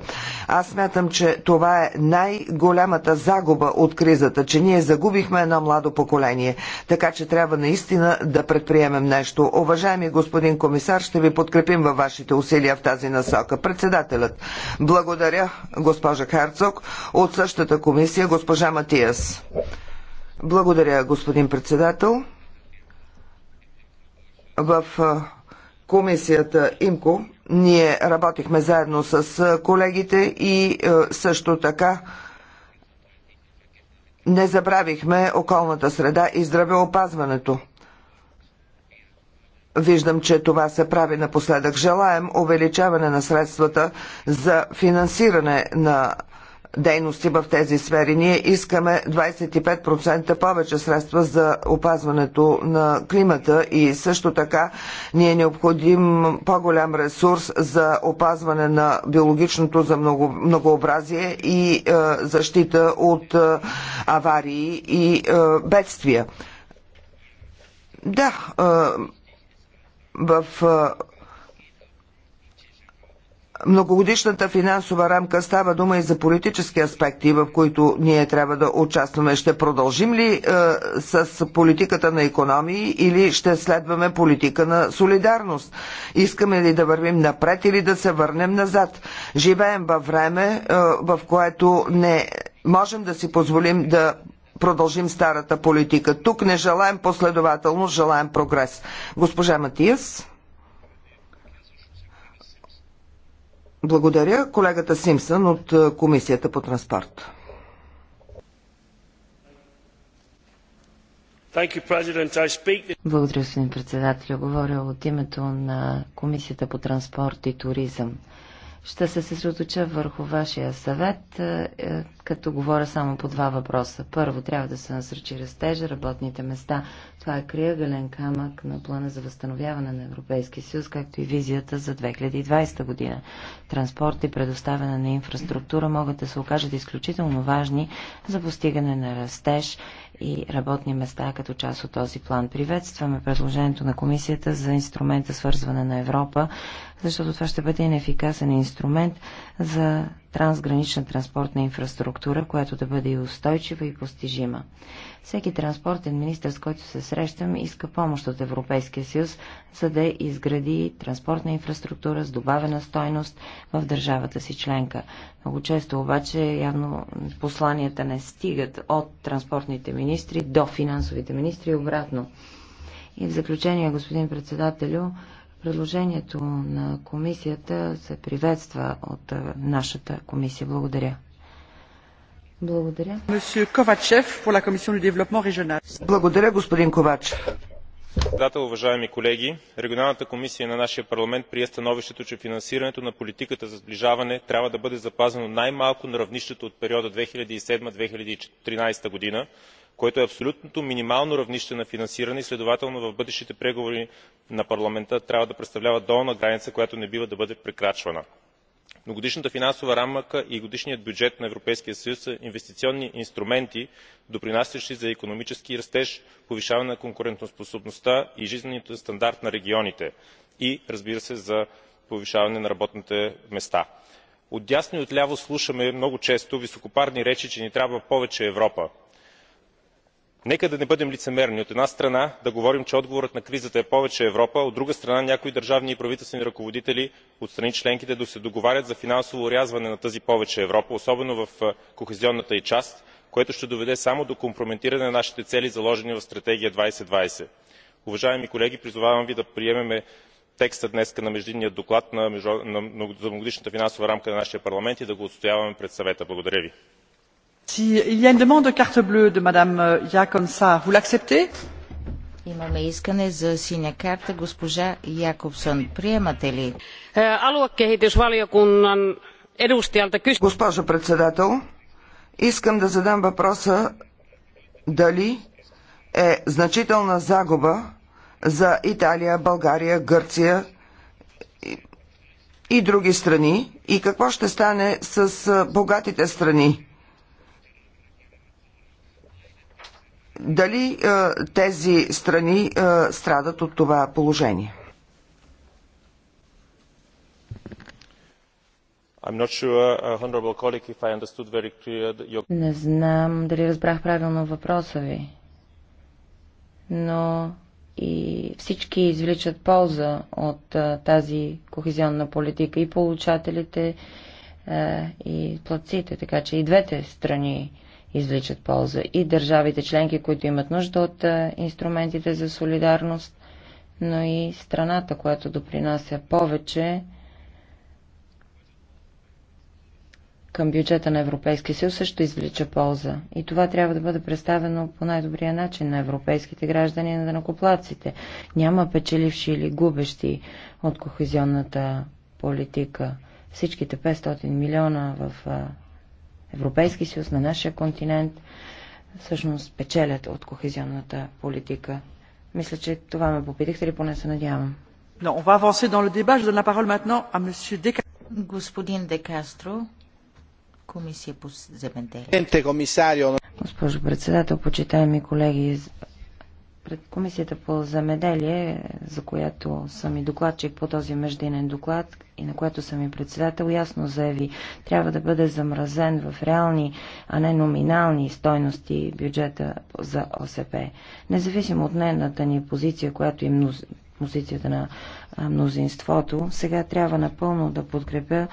Аз смятам, че това е най-голямата загуба от кризата, че ние загубихме едно младо поколение. Така че трябва наистина да предприемем нещо. Уважаеми господин комисар, ще ви подкрепим във вашите усилия в тази насока. Председателят, благодаря госпожа Харцог. От същата комисия, госпожа Матиас. Благодаря, господин председател. В комисията ИМКО ние работихме заедно с колегите и също така не забравихме околната среда и здравеопазването. Виждам, че това се прави напоследък. Желаем увеличаване на средствата за финансиране на дейности в тези сфери. Ние искаме 25% повече средства за опазването на климата и също така ни е необходим по-голям ресурс за опазване на биологичното за много, многообразие и е, защита от е, аварии и е, бедствия. Да, е, в многогодишната финансова рамка става дума и за политически аспекти, в които ние трябва да участваме. Ще продължим ли е, с политиката на економии или ще следваме политика на солидарност? Искаме ли да вървим напред или да се върнем назад? Живеем във време, е, в което не можем да си позволим да продължим старата политика. Тук не желаем последователност, желаем прогрес. Госпожа Матиас. Благодаря. Колегата Симсън от е, Комисията по транспорт. Благодаря, господин председател. Говоря от името на Комисията по транспорт и туризъм. Ще се съсредоточа върху вашия съвет, е, е, като говоря само по два въпроса. Първо, трябва да се насръчи растежа, работните места. Това е криягален камък на плана за възстановяване на Европейския съюз, както и визията за 2020 година. Транспорт и предоставяне на инфраструктура могат да се окажат изключително важни за постигане на растеж и работни места като част от този план. Приветстваме предложението на комисията за инструмента свързване на Европа, защото това ще бъде ефикасен инструмент за трансгранична транспортна инфраструктура, която да бъде и устойчива и постижима. Всеки транспортен министр, с който се срещам, иска помощ от Европейския съюз, за да изгради транспортна инфраструктура с добавена стойност в държавата си членка. Много често обаче явно посланията не стигат от транспортните министри до финансовите министри и обратно. И в заключение, господин председателю, Предложението на комисията се приветства от нашата комисия. Благодаря. Благодаря. Благодаря, господин Ковач. Председател, уважаеми колеги, регионалната комисия на нашия парламент прие становището, че финансирането на политиката за сближаване трябва да бъде запазено най-малко на равнището от периода 2007-2013 година, което е абсолютното минимално равнище на финансиране и следователно в бъдещите преговори на парламента трябва да представлява долна граница която не бива да бъде прекрачвана. многогодишната финансова рамка и годишният бюджет на европейския съюз са инвестиционни инструменти допринасящи за икономически растеж повишаване на конкурентоспособността и жизнения стандарт на регионите и разбира се за повишаване на работните места. отдясно и отляво слушаме много често високопарни речи че ни трябва повече европа нека да не бъдем лицемерни от една страна да говорим че отговорът на кризата е повече европа а от друга страна някои държавни и правителствени ръководители от страни членки да се договарят за финансово орязване на тази повече европа особено в кохезионната й част което ще доведе само до компрометиране на нашите цели заложени в стратегия. two thousand and twenty уважаеми колеги призовавам ви да приемем текста днес на междинния доклад за многогодишната финансова рамка на нашия парламент и да го отстояваме пред съвета. благодаря ви. Il y a une demande de carte bleue de Madame Яконсар. Euh, vous l'acceptez? Имаме искане за синя Госпожа Якобсон, приемате ли? Е, Госпожо председател, искам да задам въпроса дали е значителна загуба за Италия, България, Гърция и други страни и какво ще стане с богатите страни. дали тези страни страдат от това положение? Uh, Не знам дали разбрах правилно въпроса ви, но и всички извличат полза от тази кохезионна политика и получателите и платците, така че и двете страни извличат полза. И държавите членки, които имат нужда от е, инструментите за солидарност, но и страната, която допринася повече към бюджета на Европейския съюз, също извлича полза. И това трябва да бъде представено по най-добрия начин на европейските граждани и на накоплаците. Няма печеливши или губещи от кохезионната политика. Всичките 500 милиона в е, Европейски съюз, на нашия континент, всъщност печелят от кохезионната политика. Мисля, че това ме попитахте или поне се надявам. Но, on va avancer dans le débat. Je donne la parole maintenant à monsieur Deca... Господин Декастро, Комисия по земеделие. Госпожо председател, почитаеми колеги, пред Комисията по земеделие, за която съм и докладчик по този междинен доклад и на която съм и председател, ясно заяви, трябва да бъде замразен в реални, а не номинални стойности бюджета за ОСП. Независимо от нейната ни позиция, която и позицията на мнозинството. Сега трябва напълно да подкрепя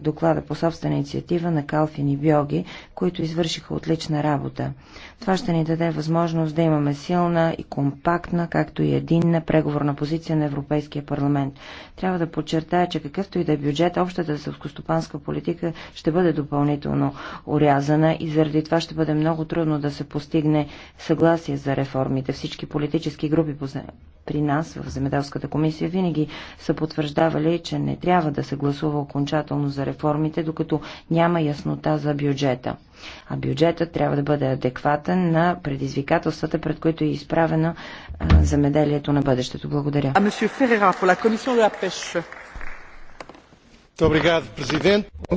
доклада по собствена инициатива на Калфин и Бьоги, които извършиха отлична работа. Това ще ни даде възможност да имаме силна и компактна, както и единна преговорна позиция на Европейския парламент. Трябва да подчертая, че какъвто и да е бюджет, общата селскостопанска политика ще бъде допълнително урязана и заради това ще бъде много трудно да се постигне съгласие за реформите. Всички политически групи при нас в в Земеделската комисия винаги са потвърждавали, че не трябва да се гласува окончателно за реформите, докато няма яснота за бюджета. А бюджетът трябва да бъде адекватен на предизвикателствата, пред които е изправено замеделието на бъдещето. Благодаря.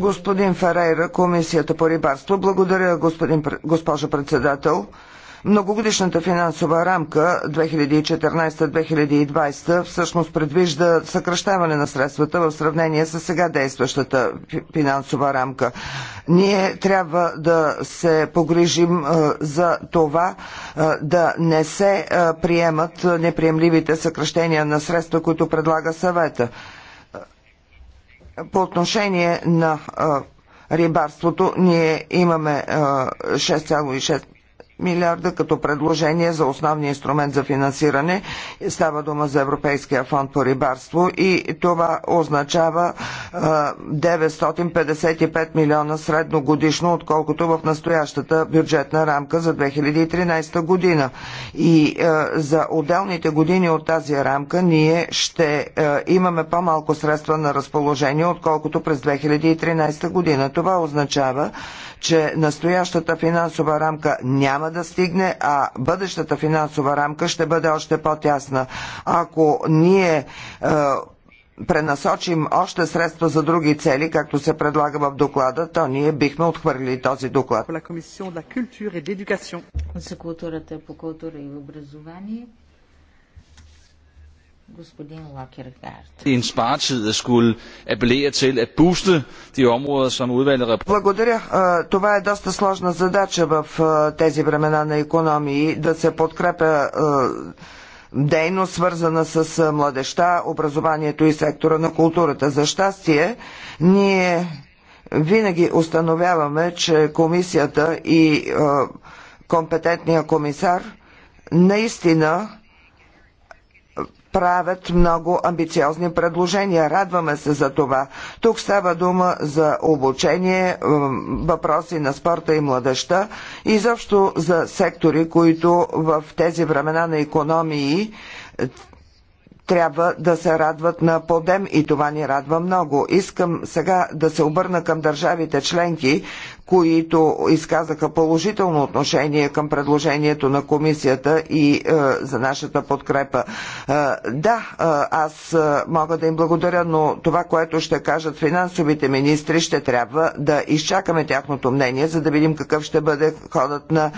Господин Ферейра, Комисията по рибарство. Благодаря, господин, госпожо председател. Многогодишната финансова рамка 2014-2020 всъщност предвижда съкръщаване на средствата в сравнение с сега действащата финансова рамка. Ние трябва да се погрижим за това да не се приемат неприемливите съкръщения на средства, които предлага съвета. По отношение на рибарството ние имаме 6,6 милиарда като предложение за основния инструмент за финансиране. Става дума за Европейския фонд по рибарство и това означава 955 милиона средно годишно, отколкото в настоящата бюджетна рамка за 2013 година. И за отделните години от тази рамка ние ще имаме по-малко средства на разположение, отколкото през 2013 година. Това означава, че настоящата финансова рамка няма да стигне, а бъдещата финансова рамка ще бъде още по-тясна. Ако ние е, пренасочим още средства за други цели, както се предлага в доклада, то ние бихме отхвърлили този доклад. За културата по култура и образование господин Локергард. Er Благодаря. Това е доста сложна задача в тези времена на економии да се подкрепя дейност, свързана с младеща, образованието и сектора на културата. За щастие, ние винаги установяваме, че комисията и компетентния комисар наистина правят много амбициозни предложения. Радваме се за това. Тук става дума за обучение, въпроси на спорта и младеща и защо за сектори, които в тези времена на економии трябва да се радват на подем и това ни радва много. Искам сега да се обърна към държавите членки, които изказаха положително отношение към предложението на комисията и е, за нашата подкрепа. Е, да, е, аз е, мога да им благодаря, но това, което ще кажат финансовите министри, ще трябва да изчакаме тяхното мнение, за да видим какъв ще бъде ходът на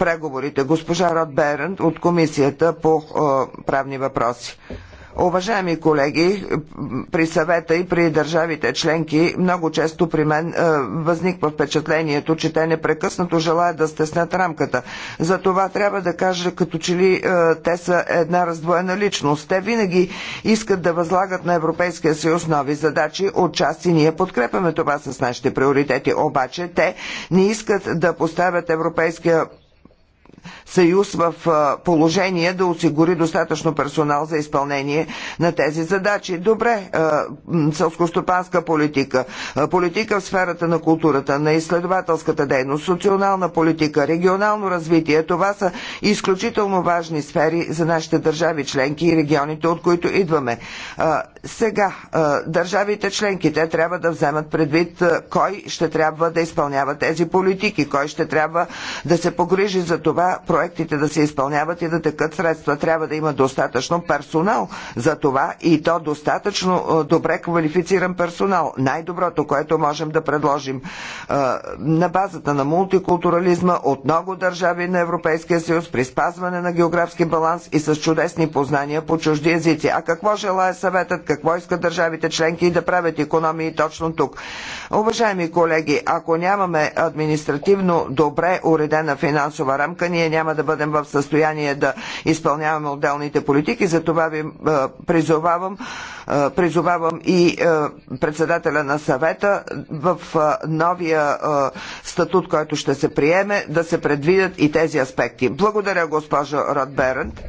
преговорите. Госпожа Род Берен от Комисията по е, правни въпроси. Уважаеми колеги, при съвета и при държавите членки много често при мен е, възниква впечатлението, че те непрекъснато желаят да стеснат рамката. За това трябва да кажа, като че ли е, те са една раздвоена личност. Те винаги искат да възлагат на Европейския съюз нови задачи. Отчасти ние подкрепяме това с нашите приоритети. Обаче те не искат да поставят Европейския съюз в положение да осигури достатъчно персонал за изпълнение на тези задачи. Добре, селскостопанска политика, политика в сферата на културата, на изследователската дейност, социална политика, регионално развитие, това са изключително важни сфери за нашите държави членки и регионите, от които идваме. Сега, държавите членки, те трябва да вземат предвид кой ще трябва да изпълнява тези политики, кой ще трябва да се погрижи за това проектите да се изпълняват и да текат средства. Трябва да има достатъчно персонал за това и то достатъчно е, добре квалифициран персонал. Най-доброто, което можем да предложим е, на базата на мултикултурализма от много държави на Европейския съюз при спазване на географски баланс и с чудесни познания по чужди езици. А какво желая съветът, какво искат държавите членки и да правят економии точно тук? Уважаеми колеги, ако нямаме административно добре уредена финансова рамка, ние няма няма да бъдем в състояние да изпълняваме отделните политики. За това ви е, призовавам, е, призовавам и е, председателя на съвета в новия статут, който ще се приеме, да се предвидят и тези аспекти. Благодаря, госпожо Радберент.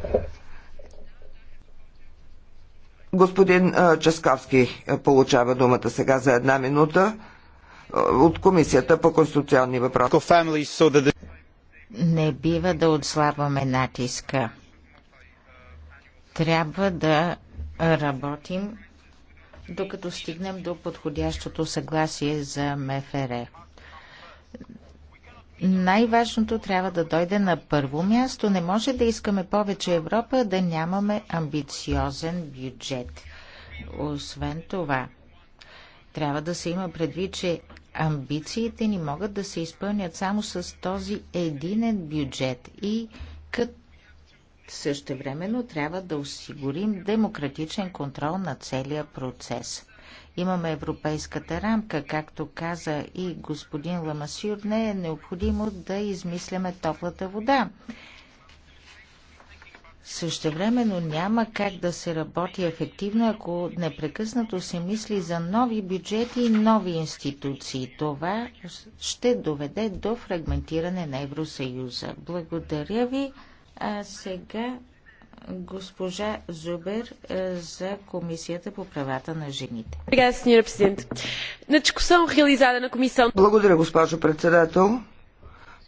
Господин Ческовски получава думата сега за една минута от Комисията по конституционни въпроси. Не бива да отслабваме натиска. Трябва да работим, докато стигнем до подходящото съгласие за МФР. Най-важното трябва да дойде на първо място. Не може да искаме повече Европа, да нямаме амбициозен бюджет. Освен това, трябва да се има предвид, че Амбициите ни могат да се изпълнят само с този единен бюджет и като същевременно трябва да осигурим демократичен контрол на целия процес. Имаме европейската рамка, както каза и господин Ламасюр, не е необходимо да измисляме топлата вода. Същевременно няма как да се работи ефективно, ако непрекъснато се мисли за нови бюджети и нови институции. Това ще доведе до фрагментиране на Евросъюза. Благодаря ви. А сега госпожа Зубер за Комисията по правата на жените. Благодаря, госпожо председател.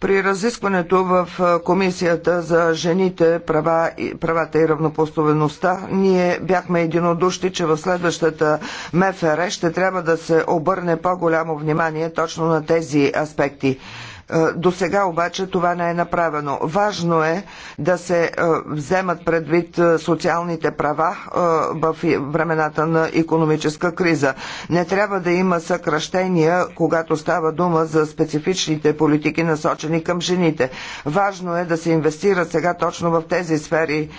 При разискването в Комисията за жените, права и, правата и равнопоставеността, ние бяхме единодушни, че в следващата МФР е ще трябва да се обърне по-голямо внимание точно на тези аспекти. Е, до сега обаче това не е направено. Важно е да се е, вземат предвид е, социалните права в времената на економическа криза. Не трябва да има съкръщения, когато става дума за специфичните политики насочени към жените. Важно е да се инвестира сега точно в тези сфери,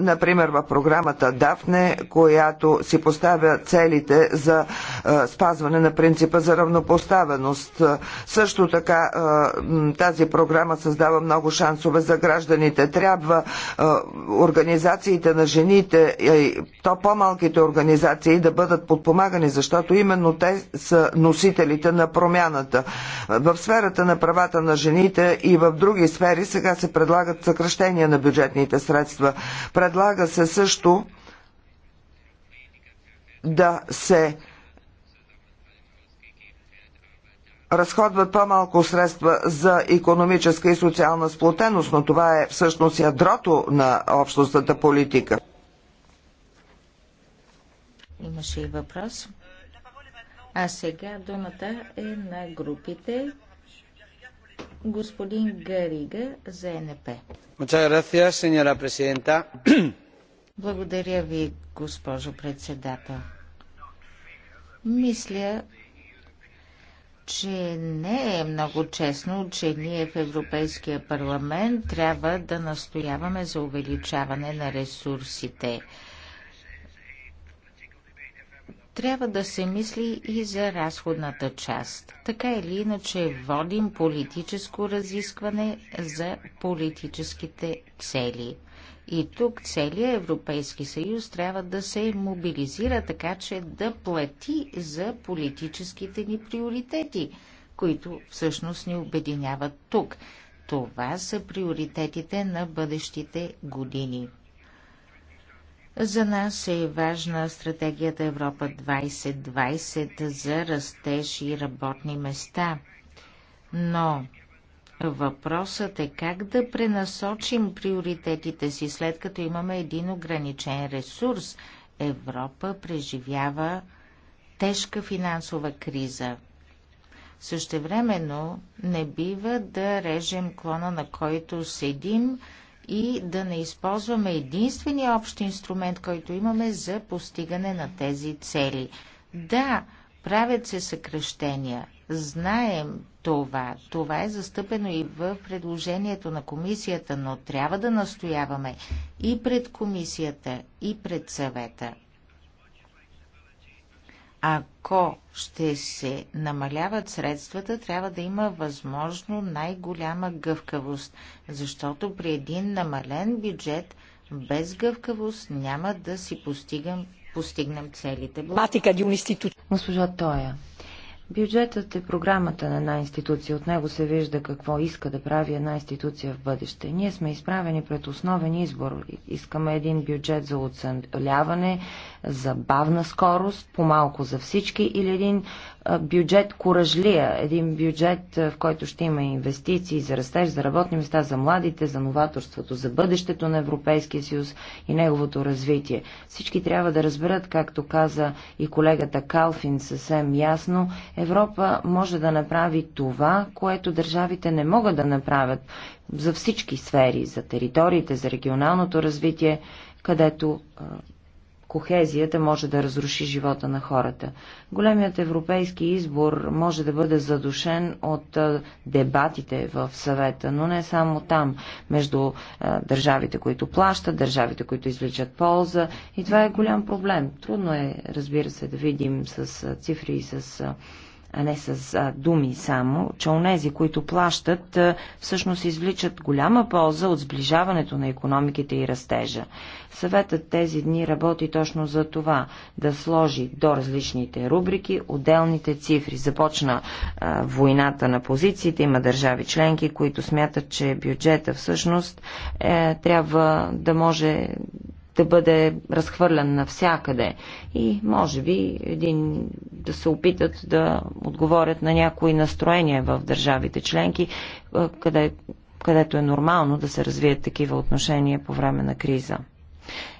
например в програмата Дафне, която си поставя целите за спазване на принципа за равнопоставеност. Също така тази програма създава много шансове за гражданите. Трябва организациите на жените, то по-малките организации да бъдат подпомагани, защото именно те са носителите на промяната. В сферата на правата на жените и в други сфери сега се предлагат съкръщения на бюджетните средства. Предлага се също да се разходват по-малко средства за економическа и социална сплотеност, но това е всъщност ядрото на общностната политика. Имаше и въпрос. А сега думата е на групите господин Гарига за НП. Благодаря ви, госпожо председател. Мисля, че не е много честно, че ние в Европейския парламент трябва да настояваме за увеличаване на ресурсите. Трябва да се мисли и за разходната част. Така или иначе водим политическо разискване за политическите цели. И тук целият Европейски съюз трябва да се мобилизира така, че да плати за политическите ни приоритети, които всъщност ни обединяват тук. Това са приоритетите на бъдещите години. За нас е важна стратегията Европа 2020 за растеж и работни места, но Въпросът е как да пренасочим приоритетите си, след като имаме един ограничен ресурс. Европа преживява тежка финансова криза. Същевременно не бива да режем клона, на който седим и да не използваме единствения общ инструмент, който имаме за постигане на тези цели. Да, правят се съкръщения. Знаем, това. Това е застъпено и в предложението на комисията, но трябва да настояваме и пред комисията, и пред съвета. Ако ще се намаляват средствата, трябва да има възможно най-голяма гъвкавост, защото при един намален бюджет без гъвкавост няма да си постигам, постигнем целите. Матика Госпожа Тоя. Бюджетът е програмата на една институция. От него се вижда какво иска да прави една институция в бъдеще. Ние сме изправени пред основен избор. Искаме един бюджет за оцеляване, за бавна скорост, по-малко за всички или един бюджет коражлия, един бюджет, в който ще има инвестиции за растеж, за работни места, за младите, за новаторството, за бъдещето на Европейския съюз и неговото развитие. Всички трябва да разберат, както каза и колегата Калфин съвсем ясно, Европа може да направи това, което държавите не могат да направят за всички сфери, за териториите, за регионалното развитие, където кохезията може да разруши живота на хората. Големият европейски избор може да бъде задушен от дебатите в съвета, но не само там, между държавите, които плащат, държавите, които извличат полза. И това е голям проблем. Трудно е, разбира се, да видим с цифри и с а не с а, думи само, че онези, които плащат, а, всъщност извличат голяма полза от сближаването на економиките и растежа. Съветът тези дни работи точно за това да сложи до различните рубрики отделните цифри. Започна а, войната на позициите. Има държави членки, които смятат, че бюджета всъщност е, трябва да може ще бъде разхвърлен навсякъде. И може би един, да се опитат да отговорят на някои настроения в държавите членки, е, къде, където е нормално да се развият такива отношения по време на криза.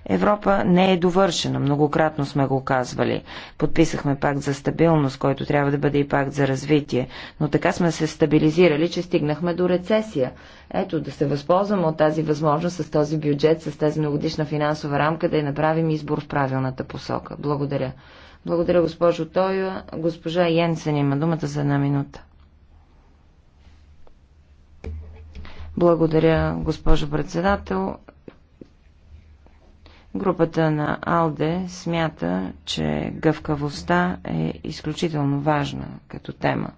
Европа не е довършена, многократно сме го казвали. Подписахме пакт за стабилност, който трябва да бъде и пакт за развитие, но така сме се стабилизирали, че стигнахме до рецесия. Ето, да се възползваме от тази възможност с този бюджет, с тази многодишна финансова рамка, да я направим избор в правилната посока. Благодаря. Благодаря, госпожо Тойо. Госпожа Йенсен има думата за една минута. Благодаря, госпожо председател. Групата на АЛДЕ смята, че гъвкавостта е изключително важна като тема.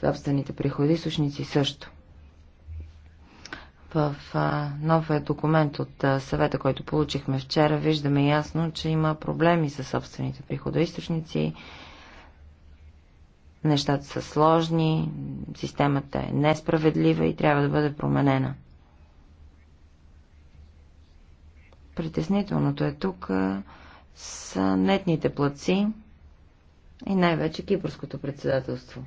Собствените приходи сушници също. В новия документ от съвета, който получихме вчера, виждаме ясно, че има проблеми с собствените приходоисточници. Нещата са сложни, системата е несправедлива и трябва да бъде променена. Притеснителното е тук са нетните плаци и най-вече кипърското председателство.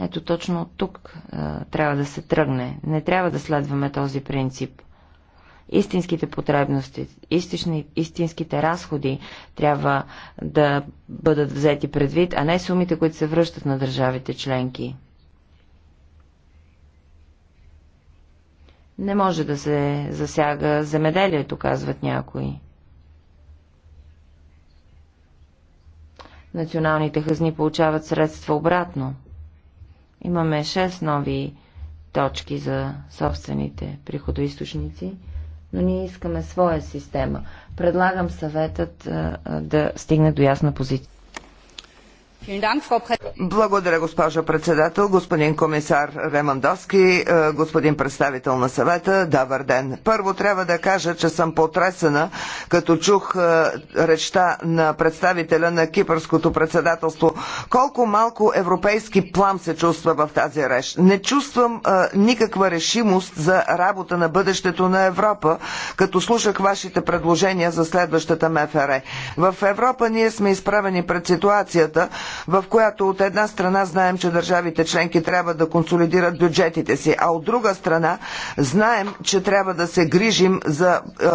Ето точно тук а, трябва да се тръгне. Не трябва да следваме този принцип. Истинските потребности, истични, истинските разходи трябва да бъдат взети предвид, а не сумите, които се връщат на държавите членки. Не може да се засяга земеделието, казват някои. Националните хазни получават средства обратно. Имаме 6 нови точки за собствените приходоисточници, но ние искаме своя система. Предлагам съветът да стигне до ясна позиция. Благодаря, госпожо председател, господин комисар Ремандовски, е, господин представител на съвета. Добър ден. Първо трябва да кажа, че съм потресена, като чух е, речта на представителя на кипърското председателство. Колко малко европейски план се чувства в тази реч. Не чувствам е, никаква решимост за работа на бъдещето на Европа, като слушах вашите предложения за следващата МФР. В Европа ние сме изправени пред ситуацията, в която от една страна знаем, че държавите членки трябва да консолидират бюджетите си, а от друга страна знаем, че трябва да се грижим за е,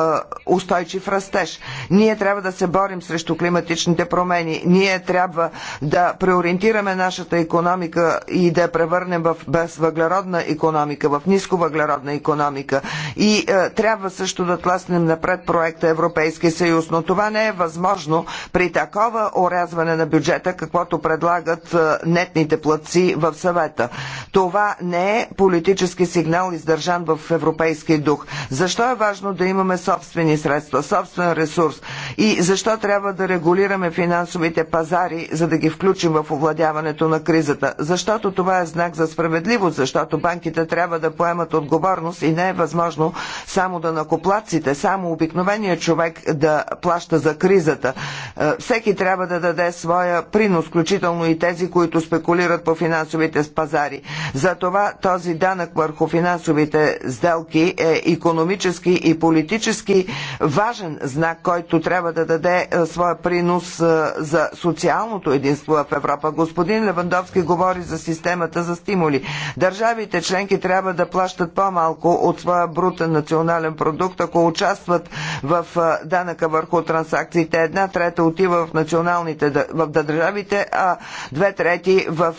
устойчив растеж. Ние трябва да се борим срещу климатичните промени. Ние трябва да преориентираме нашата економика и да я превърнем в безвъглеродна економика, в нисковъглеродна економика. И е, трябва също да тласнем напред проекта Европейски съюз, но това не е възможно при такова орязване на бюджета, каквото каквото предлагат нетните платци в съвета. Това не е политически сигнал, издържан в европейски дух. Защо е важно да имаме собствени средства, собствен ресурс и защо трябва да регулираме финансовите пазари, за да ги включим в овладяването на кризата? Защото това е знак за справедливост, защото банките трябва да поемат отговорност и не е възможно само да накоплаците, само обикновения човек да плаща за кризата. Е, всеки трябва да даде своя принос, включително и тези, които спекулират по финансовите пазари. Затова този данък върху финансовите сделки е економически и политически важен знак, който трябва да даде е, своя принос е, за социалното единство в Европа. Господин Левандовски говори за системата за стимули. Държавите членки трябва да плащат по-малко от своя брутен национален продукт, ако участват в е, данъка върху транзакциите. Една трета отива в националните в държавите, а две трети в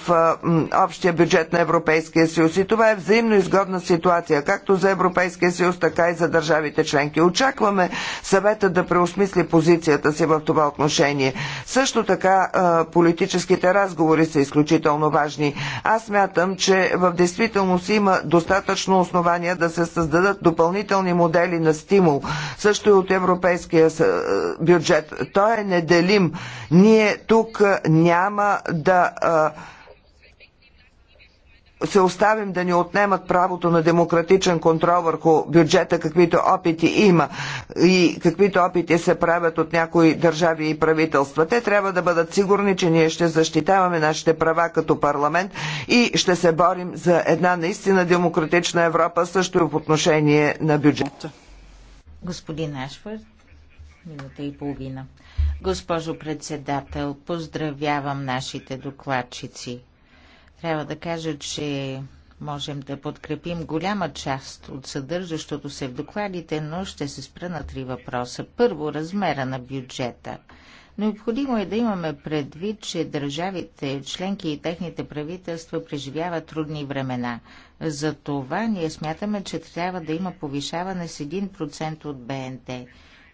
общия бюджет на Европейския съюз. И това е взаимно изгодна ситуация, както за Европейския съюз, така и за държавите членки. Очакваме съвета да преосмисли позицията си в това отношение. Също така политическите разговори са изключително важни. Аз мятам, че в действителност има достатъчно основания да се създадат допълнителни модели на стимул, също и от европейския бюджет. Той е неделим. Ние тук няма няма да се оставим да ни отнемат правото на демократичен контрол върху бюджета, каквито опити има и каквито опити се правят от някои държави и правителства. Те трябва да бъдат сигурни, че ние ще защитаваме нашите права като парламент и ще се борим за една наистина демократична Европа, също и в отношение на бюджета. Господин Ашфорд, минута и половина. Госпожо председател, поздравявам нашите докладчици. Трябва да кажа, че можем да подкрепим голяма част от съдържащото се в докладите, но ще се спра на три въпроса. Първо, размера на бюджета. Необходимо е да имаме предвид, че държавите, членки и техните правителства преживяват трудни времена. За това ние смятаме, че трябва да има повишаване с 1% от БНТ.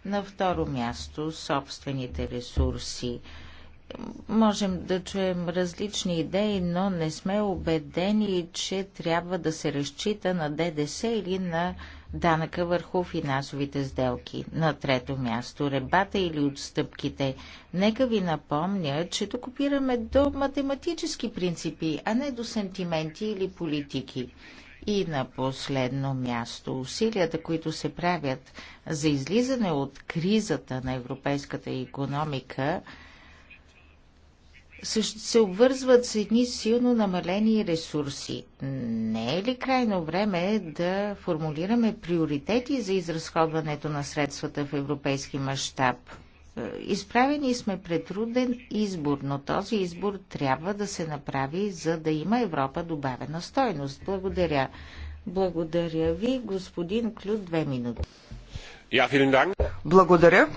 На второ място, собствените ресурси. Можем да чуем различни идеи, но не сме убедени, че трябва да се разчита на ДДС или на данъка върху финансовите сделки. На трето място, ребата или отстъпките. Нека ви напомня, че тук опираме до математически принципи, а не до сантименти или политики. И на последно място, усилията, които се правят за излизане от кризата на европейската економика, се обвързват с едни силно намалени ресурси. Не е ли крайно време да формулираме приоритети за изразходването на средствата в европейски мащаб? Изправени сме пред труден избор, но този избор трябва да се направи, за да има Европа добавена стойност. Благодаря. Благодаря ви, господин Клюд, две минути. Благодаря.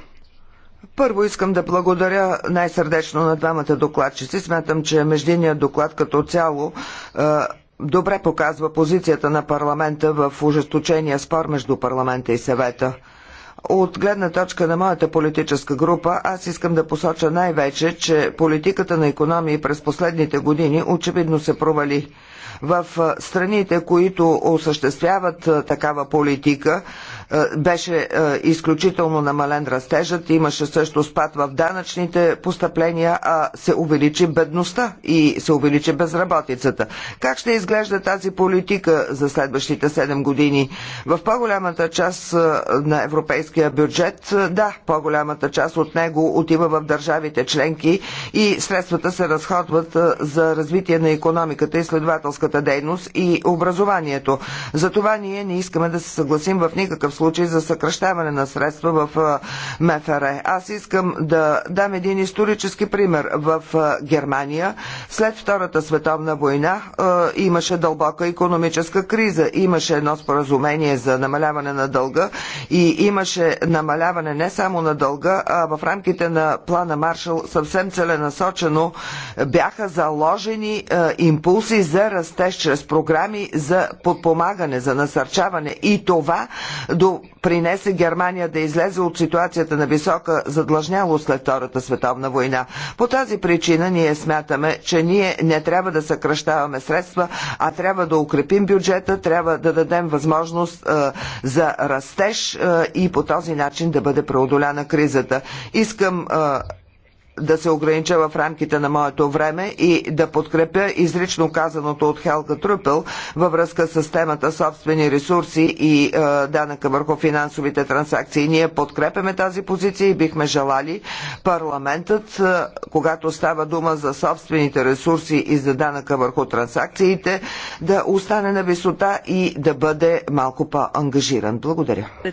Първо искам да благодаря най-сърдечно на двамата докладчици. Смятам, че междинният доклад като цяло е, добре показва позицията на парламента в ужесточения спор между парламента и съвета. От гледна точка на моята политическа група, аз искам да посоча най-вече, че политиката на економии през последните години очевидно се провали. В страните, които осъществяват такава политика, е, беше е, изключително намален растежът, имаше също спад в данъчните постъпления, а се увеличи бедността и се увеличи безработицата. Как ще изглежда тази политика за следващите 7 години? В по-голямата част е, на европейския бюджет, да, по-голямата част от него отива в държавите членки и средствата се разходват за развитие на економиката, изследователската дейност и образованието. Затова ние не искаме да се съгласим в никакъв случай за съкръщаване на средства в МФР. Аз искам да дам един исторически пример. В Германия след Втората световна война имаше дълбока економическа криза. Имаше едно споразумение за намаляване на дълга и имаше намаляване не само на дълга, а в рамките на плана Маршал съвсем целенасочено бяха заложени импулси за растеж чрез програми за подпомагане, за насърчаване и това до допринесе Германия да излезе от ситуацията на висока задлъжнялост след Втората световна война. По тази причина ние смятаме, че ние не трябва да съкръщаваме средства, а трябва да укрепим бюджета, трябва да дадем възможност а, за растеж а, и по този начин да бъде преодоляна кризата. Искам а, да се огранича в рамките на моето време и да подкрепя изрично казаното от Хелка Трупел във връзка с темата собствени ресурси и е, данъка върху финансовите транзакции. Ние подкрепяме тази позиция и бихме желали парламентът, е, когато става дума за собствените ресурси и за данъка върху транзакциите, да остане на висота и да бъде малко по-ангажиран. Благодаря. Е,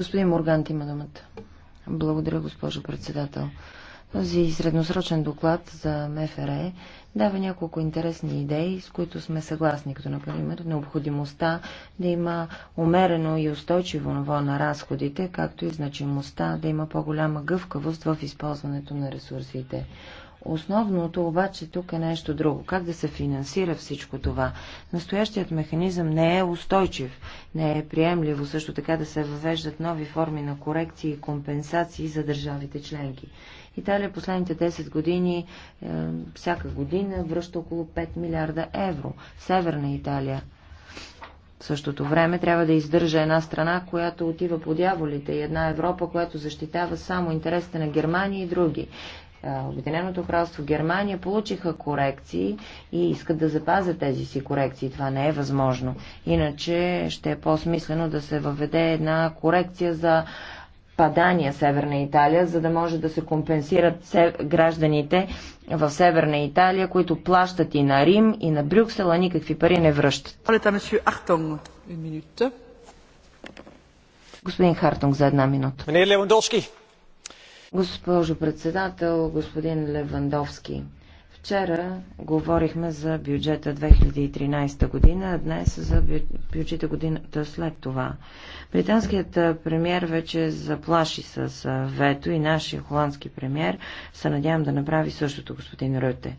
Господин Моргант има думата. Благодаря, госпожо председател. Този средносрочен доклад за МФР дава няколко интересни идеи, с които сме съгласни, като например необходимостта да има умерено и устойчиво ниво на разходите, както и значимостта да има по-голяма гъвкавост в използването на ресурсите. Основното обаче тук е нещо друго. Как да се финансира всичко това? Настоящият механизъм не е устойчив. Не е приемливо също така да се въвеждат нови форми на корекции и компенсации за държавите членки. Италия последните 10 години е, всяка година връща около 5 милиарда евро. Северна Италия в същото време трябва да издържа една страна, която отива по дяволите и една Европа, която защитава само интересите на Германия и други. Обединеното кралство Германия получиха корекции и искат да запазят тези си корекции. Това не е възможно. Иначе ще е по-смислено да се въведе една корекция за падания Северна Италия, за да може да се компенсират гражданите в Северна Италия, които плащат и на Рим, и на Брюксела, никакви пари не връщат. Господин Хартунг за една минута. Госпожо председател, господин Левандовски, вчера говорихме за бюджета 2013 година, а днес за бюджета годината след това. Британският премьер вече заплаши с вето и нашия холандски премьер се надявам да направи същото, господин Рюте.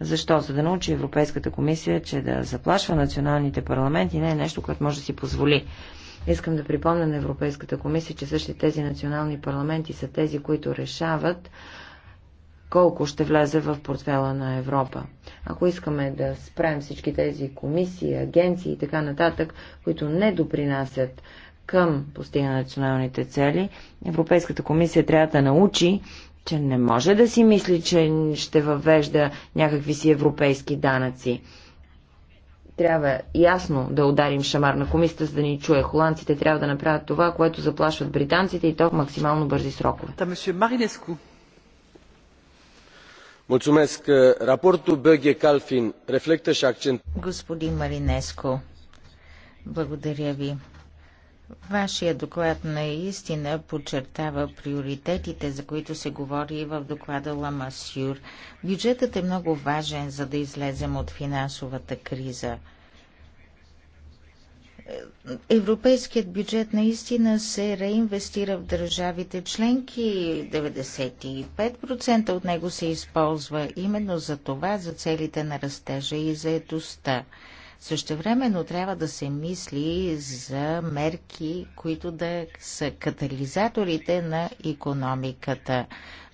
Защо? За да научи Европейската комисия, че да заплашва националните парламенти не е нещо, което може да си позволи. Искам да припомня на Европейската комисия, че същите тези национални парламенти са тези, които решават колко ще влезе в портфела на Европа. Ако искаме да спрем всички тези комисии, агенции и така нататък, които не допринасят към постига на националните цели, Европейската комисия трябва да научи, че не може да си мисли, че ще въвежда някакви си европейски данъци. Трябва ясно да ударим шамар на комисията, за да ни чуе. Холандците трябва да направят това, което заплашват британците и то в максимално бързи срокове. Е, Господин Маринеско, благодаря ви. Вашия доклад наистина подчертава приоритетите, за които се говори и в доклада Ламасюр. Бюджетът е много важен, за да излезем от финансовата криза. Европейският бюджет наистина се реинвестира в държавите членки. 95% от него се използва именно за това, за целите на растежа и заетостта. Същевременно трябва да се мисли за мерки, които да са катализаторите на економиката.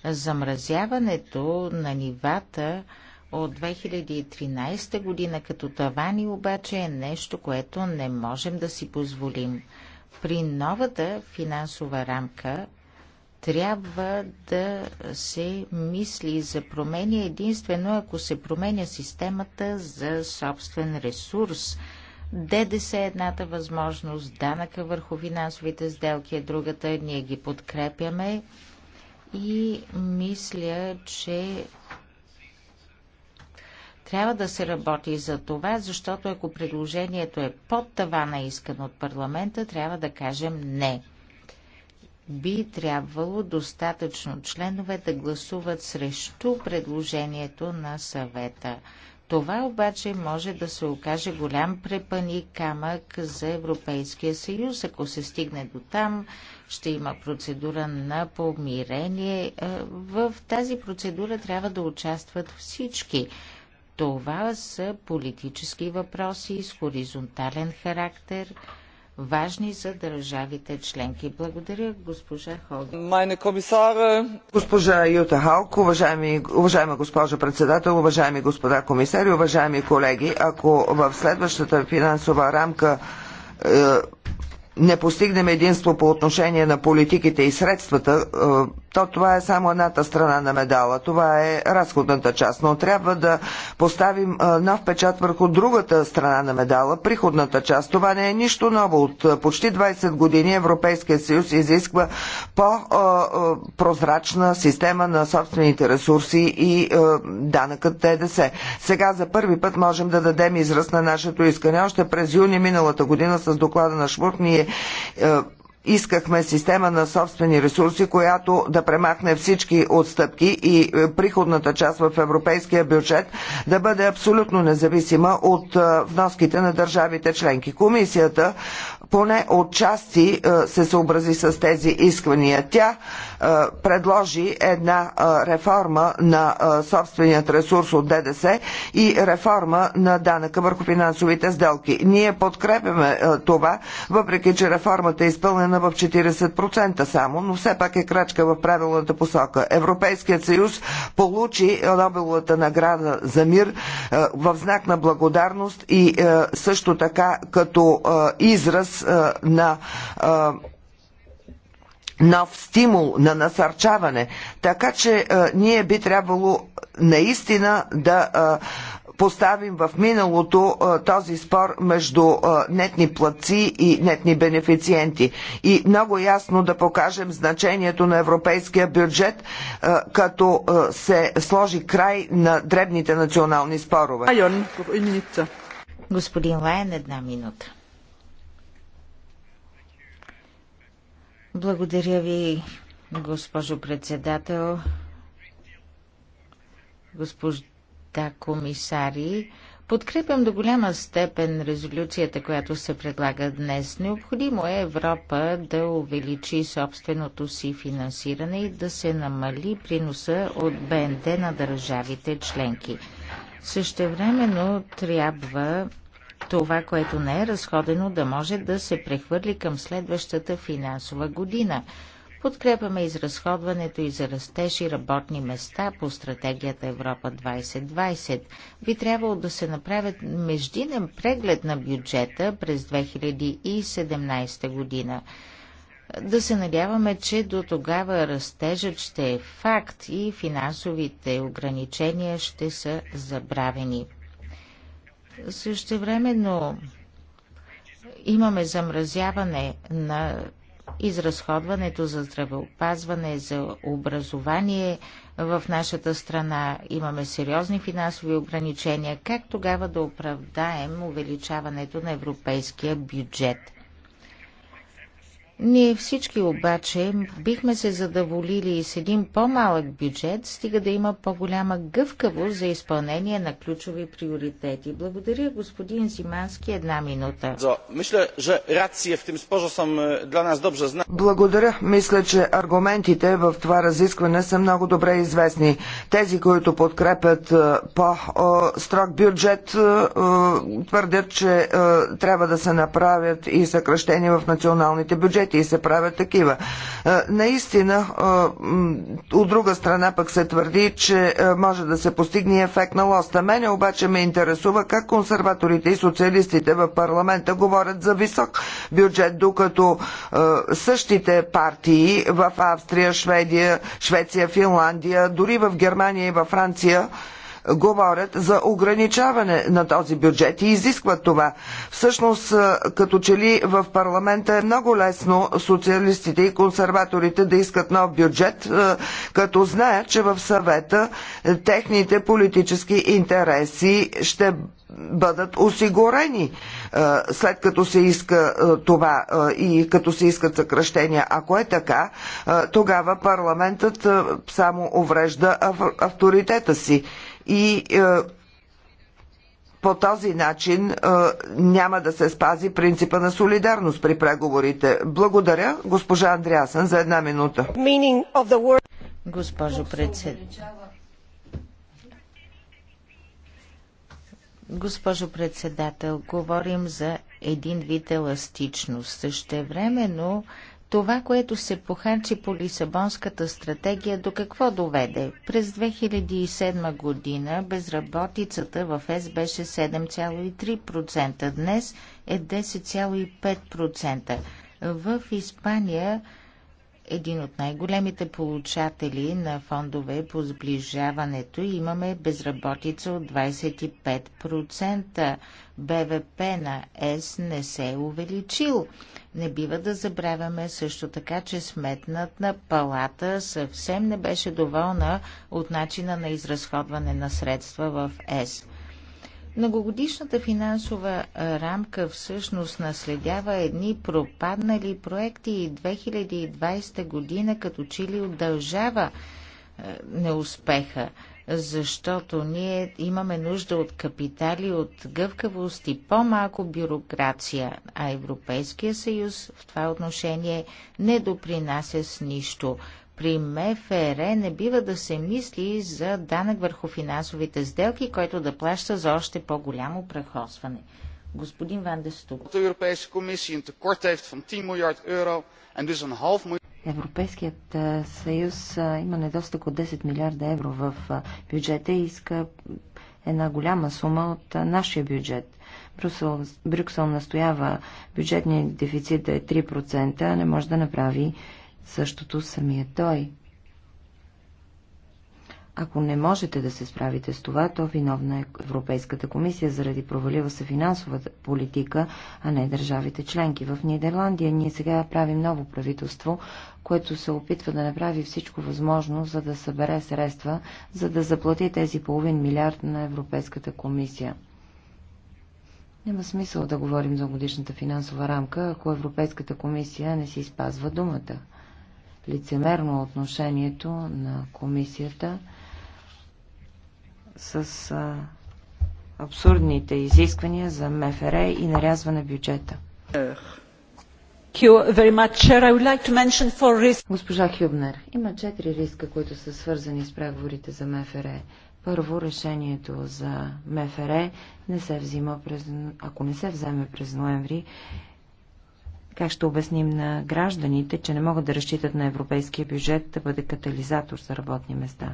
Замразяването на нивата от 2013 година като тавани обаче е нещо, което не можем да си позволим. При новата финансова рамка трябва да се мисли за промени единствено ако се променя системата за собствен ресурс. ДДС е едната възможност, данъка върху финансовите сделки е другата, ние ги подкрепяме и мисля, че трябва да се работи за това, защото ако предложението е под тавана искан от парламента, трябва да кажем не би трябвало достатъчно членове да гласуват срещу предложението на съвета. Това обаче може да се окаже голям препани камък за Европейския съюз. Ако се стигне до там, ще има процедура на помирение. Е, в тази процедура трябва да участват всички. Това са политически въпроси с хоризонтален характер – важни за държавите членки. Благодаря, госпожа Хоген. Майна комисара. Госпожа Юта Халк, уважаеми, уважаема госпожа председател, уважаеми господа комисари, уважаеми колеги, ако в следващата финансова рамка е, не постигнем единство по отношение на политиките и средствата, е, то това е само едната страна на медала. Това е разходната част. Но трябва да поставим нов печат върху другата страна на медала, приходната част. Това не е нищо ново. От почти 20 години Европейския съюз изисква по-прозрачна система на собствените ресурси и данъкът ТДС. Сега за първи път можем да дадем израз на нашето искане. Още през юни миналата година с доклада на Шмурт ние искахме система на собствени ресурси, която да премахне всички отстъпки и е, приходната част в европейския бюджет да бъде абсолютно независима от е, вноските на държавите членки. Комисията поне отчасти е, се съобрази с тези искания. Тя е, предложи една е, реформа на е, собственият ресурс от ДДС и реформа на данъка върху финансовите сделки. Ние подкрепяме това, въпреки че реформата е изпълнена в 40% само, но все пак е крачка в правилната посока. Европейският съюз получи Нобеловата награда за мир в знак на благодарност и също така като израз на нов стимул на насърчаване. Така че а, е, ние би трябвало наистина да а, е, поставим в миналото а, е, този спор между а, нетни платци и нетни бенефициенти. И много ясно да покажем значението на европейския бюджет, а, като а, се сложи край на дребните национални спорове. Господин Лайен, една минута. Благодаря ви, госпожо председател, госпожа комисари. Подкрепям до голяма степен резолюцията, която се предлага днес. Необходимо е Европа да увеличи собственото си финансиране и да се намали приноса от БНД на държавите членки. Същевременно трябва това, което не е разходено, да може да се прехвърли към следващата финансова година. Подкрепяме изразходването и за растеж и работни места по стратегията Европа 2020. Би трябвало да се направят междинен преглед на бюджета през 2017 година. Да се надяваме, че до тогава растежът ще е факт и финансовите ограничения ще са забравени. Също Същевременно имаме замразяване на изразходването за здравеопазване, за образование в нашата страна. Имаме сериозни финансови ограничения. Как тогава да оправдаем увеличаването на европейския бюджет? Ние всички обаче бихме се задоволили с един по-малък бюджет, стига да има по-голяма гъвкавост за изпълнение на ключови приоритети. Благодаря, господин Зимански, една минута. Е, Благодаря. Мисля, че аргументите в това разискване са много добре известни. Тези, които подкрепят е, по-строг бюджет, е, твърдят, че трябва да се направят и съкръщения в националните бюджети бюджети и се правят такива. Наистина, от друга страна пък се твърди, че може да се постигне ефект на лоста. Мене обаче ме интересува как консерваторите и социалистите в парламента говорят за висок бюджет, докато същите партии в Австрия, Шведия, Швеция, Финландия, дори в Германия и във Франция говорят за ограничаване на този бюджет и изискват това. Всъщност, като че ли в парламента е много лесно социалистите и консерваторите да искат нов бюджет, като знаят, че в съвета техните политически интереси ще бъдат осигурени след като се иска това и като се искат съкръщения. Ако е така, тогава парламентът само уврежда авторитета си и е, по този начин е, няма да се спази принципа на солидарност при преговорите. Благодаря, госпожа Андреасен, за една минута. Госпожо председател. Госпожо председател, говорим за един вид еластичност. Същевременно времено това, което се похарчи по Лисабонската стратегия, до какво доведе? През 2007 година безработицата в ЕС беше 7,3%, днес е 10,5%. В Испания един от най-големите получатели на фондове по сближаването имаме безработица от 25%. БВП на ЕС не се е увеличил. Не бива да забравяме също така, че на палата съвсем не беше доволна от начина на изразходване на средства в ЕС. Многогодишната финансова рамка всъщност наследява едни пропаднали проекти и 2020 година като че ли удължава е, неуспеха защото ние имаме нужда от капитали, от гъвкавост и по-малко бюрокрация, а Европейския съюз в това отношение не допринася с нищо. При МФР не бива да се мисли за данък върху финансовите сделки, който да плаща за още по-голямо прехосване. Господин Ван Дестук. Европейска комисия een tekort heeft van 10 miljard euro Европейският съюз има недостък от 10 милиарда евро в бюджета и иска една голяма сума от нашия бюджет. Брюксел, Брюксел настоява бюджетният дефицит да е 3%, а не може да направи същото самия той. Ако не можете да се справите с това, то виновна е Европейската комисия заради провалива се финансовата политика, а не държавите членки. В Нидерландия ние сега правим ново правителство, което се опитва да направи всичко възможно, за да събере средства, за да заплати тези половин милиард на Европейската комисия. Няма смисъл да говорим за годишната финансова рамка, ако Европейската комисия не си спазва думата. Лицемерно отношението на комисията с а, абсурдните изисквания за МФР и нарязване бюджета. Госпожа Хюбнер, има четири риска, които са свързани с преговорите за МФР. Първо, решението за МФР не се взима през, ако не се вземе през ноември, как ще обясним на гражданите, че не могат да разчитат на европейския бюджет да бъде катализатор за работни места?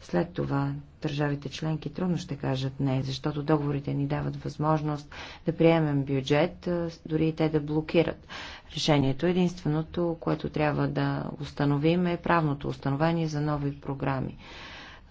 След това държавите членки трудно ще кажат не, защото договорите ни дават възможност да приемем бюджет, дори и те да блокират решението. Единственото, което трябва да установим е правното установение за нови програми.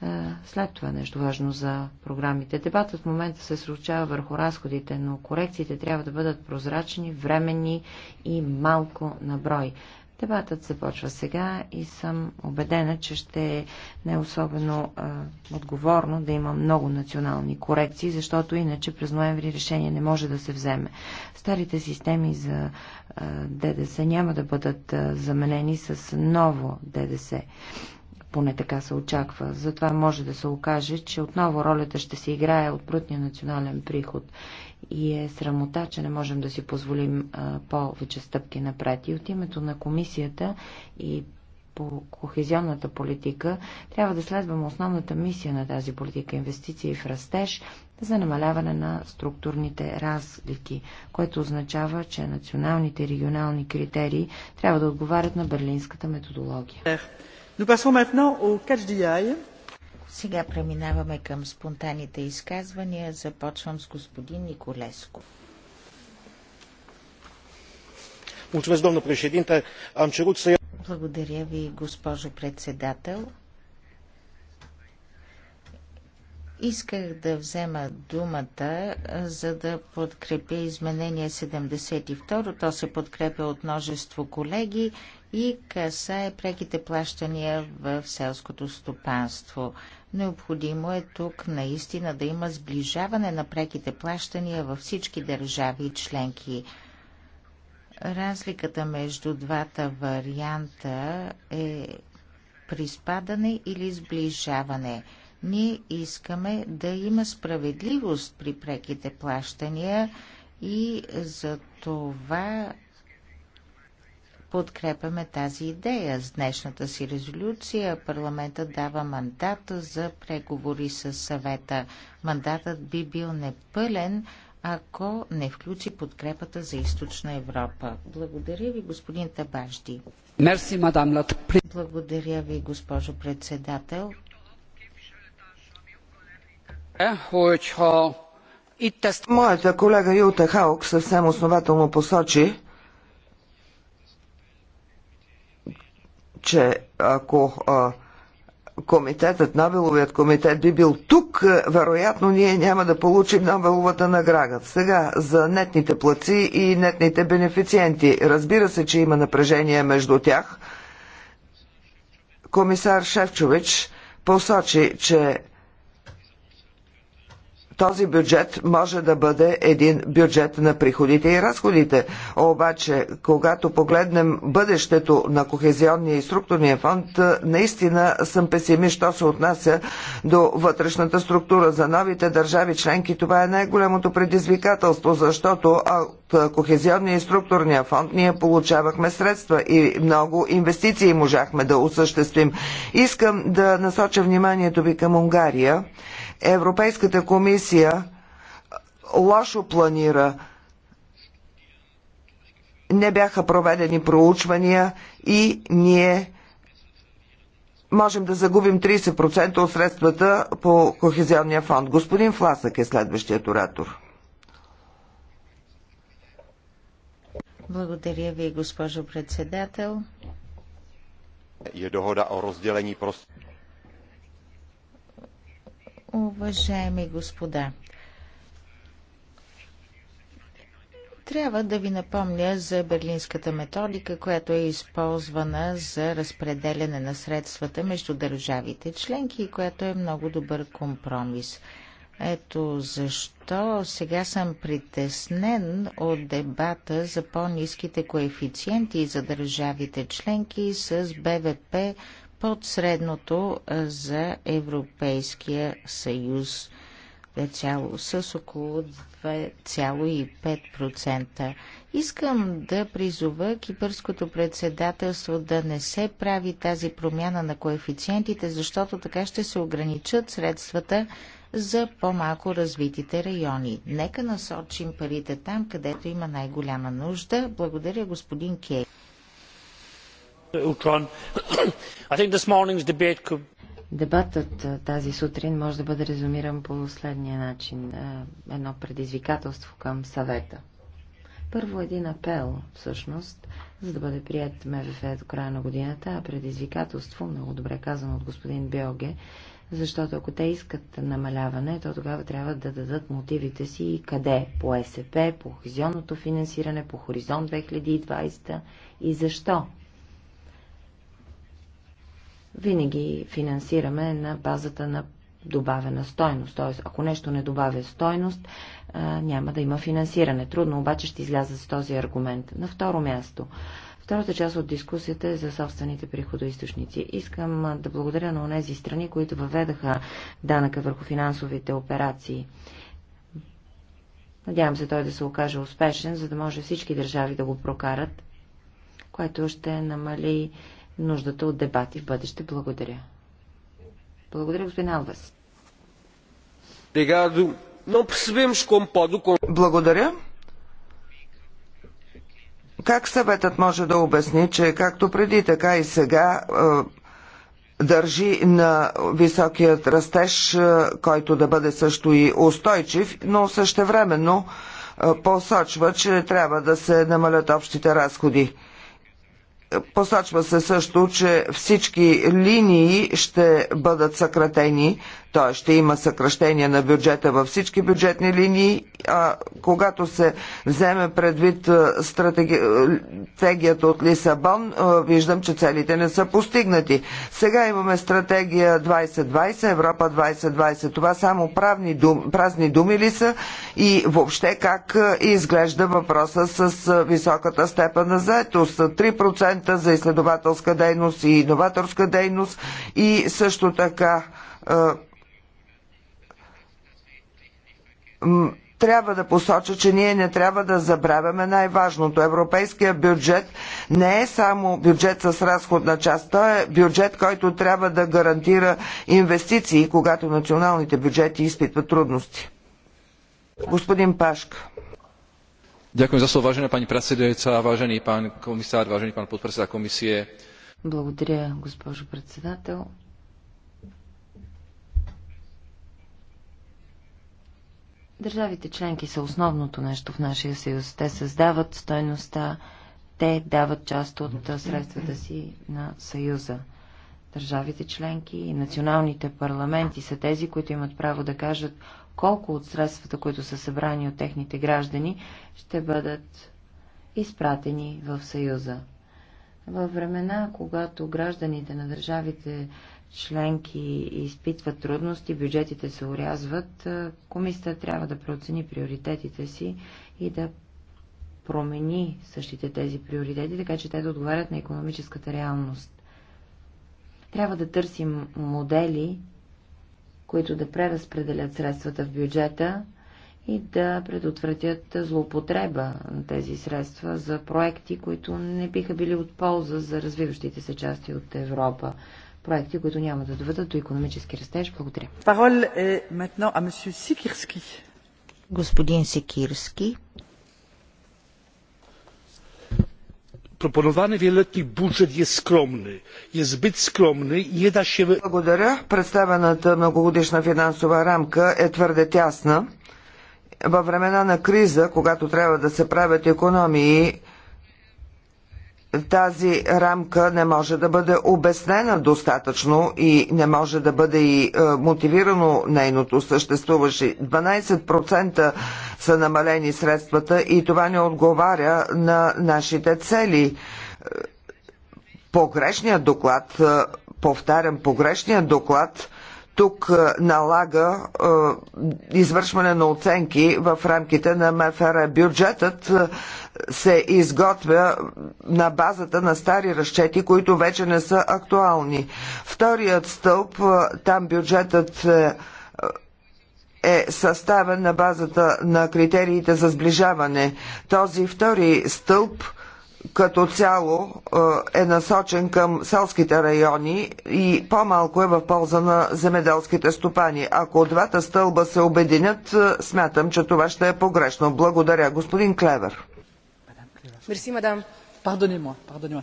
Е, след това нещо важно за програмите. Дебатът в момента се случава върху разходите, но корекциите трябва да бъдат прозрачни, временни и малко на брой. Дебатът започва сега и съм убедена, че ще е не особено а, е, отговорно да има много национални корекции, защото иначе през ноември решение не може да се вземе. Старите системи за а, е, ДДС няма да бъдат а, заменени с ново ДДС. Поне така се очаква. Затова може да се окаже, че отново ролята ще се играе от брутния национален приход. И е срамота, че не можем да си позволим повече стъпки напред. И от името на комисията и по кохезионната политика, трябва да следваме основната мисия на тази политика инвестиции в растеж за намаляване на структурните разлики, което означава, че националните и регионални критерии трябва да отговарят на берлинската методология. Сега преминаваме към спонтанните изказвания. Започвам с господин Николеско. Благодаря ви, госпожо председател. Исках да взема думата, за да подкрепя изменение 72. То се подкрепя от множество колеги и касае преките плащания в селското стопанство. Необходимо е тук наистина да има сближаване на преките плащания във всички държави и членки. Разликата между двата варианта е приспадане или сближаване. Ние искаме да има справедливост при преките плащания и за това подкрепяме тази идея. С днешната си резолюция парламента дава мандат за преговори с съвета. Мандатът би бил непълен, ако не включи подкрепата за източна Европа. Благодаря ви, господин Табажди. Мерси, мадам Благодаря ви, госпожо председател. Е, Моята колега Юта Хаук съвсем основателно посочи, че ако а, комитетът, Нобеловият комитет би бил тук, вероятно ние няма да получим Нобеловата награда. Сега за нетните плаци и нетните бенефициенти. Разбира се, че има напрежение между тях. Комисар Шевчович посочи, че този бюджет може да бъде един бюджет на приходите и разходите. Обаче, когато погледнем бъдещето на кохезионния и структурния фонд, наистина съм песимист, що се отнася до вътрешната структура. За новите държави членки това е най-голямото предизвикателство, защото от кохезионния и структурния фонд ние получавахме средства и много инвестиции можахме да осъществим. Искам да насоча вниманието ви към Унгария. Европейската комисия лошо планира. Не бяха проведени проучвания и ние можем да загубим 30% от средствата по Кохезионния фонд. Господин Фласък е следващият оратор. Благодаря ви, госпожо председател. Е дохода о Уважаеми господа, трябва да ви напомня за берлинската методика, която е използвана за разпределяне на средствата между държавите членки и която е много добър компромис. Ето защо сега съм притеснен от дебата за по-низките коефициенти за държавите членки с БВП под средното за Европейския съюз с около 2,5%. Искам да призова кипърското председателство да не се прави тази промяна на коефициентите, защото така ще се ограничат средствата за по-малко развитите райони. Нека насочим парите там, където има най-голяма нужда. Благодаря, господин Кей. Дебатът тази сутрин може да бъде резюмиран по следния начин. Едно предизвикателство към съвета. Първо един апел, всъщност, за да бъде прият МВФ до края на годината, а предизвикателство, много добре казано от господин Биоге, защото ако те искат намаляване, то тогава трябва да дадат мотивите си и къде? По СП, по хизионното финансиране, по Хоризонт 2020 и защо? винаги финансираме на базата на добавена стойност. Т.е. ако нещо не добавя стойност, няма да има финансиране. Трудно обаче ще изляза с този аргумент. На второ място. Втората част от дискусията е за собствените приходоисточници. Искам да благодаря на онези страни, които въведаха данъка върху финансовите операции. Надявам се той да се окаже успешен, за да може всички държави да го прокарат, което ще намали нуждата от дебати в бъдеще. Благодаря. Благодаря, господин Алвес. Благодаря. Как съветът може да обясни, че както преди, така и сега е, държи на високият растеж, е, който да бъде също и устойчив, но същевременно е, посочва, че трябва да се намалят общите разходи. Посочва се също, че всички линии ще бъдат съкратени, т.е. ще има съкръщение на бюджета във всички бюджетни линии, а когато се вземе предвид стратегията от Лисабон, виждам, че целите не са постигнати. Сега имаме стратегия 2020, Европа 2020. Това само правни дум, празни думи ли са и въобще как изглежда въпроса с високата степен на заетост? 3% за изследователска дейност и иноваторска дейност и също така трябва да посоча, че ние не трябва да забравяме най-важното. Европейския бюджет не е само бюджет с разходна част, той е бюджет, който трябва да гарантира инвестиции, когато националните бюджети изпитват трудности. Господин Пашка. Дякую за слово, пани председателица, уважаеми пан комисар, уважаеми пан подпредседател комисия. Благодаря, госпожо председател. Държавите членки са основното нещо в нашия съюз. Те създават стойността, те дават част от средствата си на съюза. Държавите членки и националните парламенти са тези, които имат право да кажат колко от средствата, които са събрани от техните граждани, ще бъдат изпратени в Съюза. Във времена, когато гражданите на държавите членки изпитват трудности, бюджетите се урязват, комисията трябва да преоцени приоритетите си и да промени същите тези приоритети, така че те да отговарят на економическата реалност. Трябва да търсим модели, които да преразпределят средствата в бюджета и да предотвратят злоупотреба на тези средства за проекти, които не биха били от полза за развиващите се части от Европа проекти, които няма да доведат до економически растеж. Благодаря. Е Господин Секирски. Proponowany wieloletni бюджет е skromny, Е збит skromny и nie да ще... Благодаря. Представената многогодишна финансова рамка е твърде тясна. Във времена на криза, когато трябва да се правят економии, тази рамка не може да бъде обяснена достатъчно и не може да бъде и е, мотивирано нейното съществуваше. 12% са намалени средствата и това не отговаря на нашите цели. Е, погрешният доклад, е, повтарям, погрешният доклад тук налага извършване на оценки в рамките на МФР. Бюджетът се изготвя на базата на стари разчети, които вече не са актуални. Вторият стълб, там бюджетът е съставен на базата на критериите за сближаване. Този втори стълб като цяло е насочен към селските райони и по-малко е в полза на земеделските стопани. Ако двата стълба се обединят, смятам, че това ще е погрешно. Благодаря, господин Клевер. Мерси, мадам. Пардоне мо,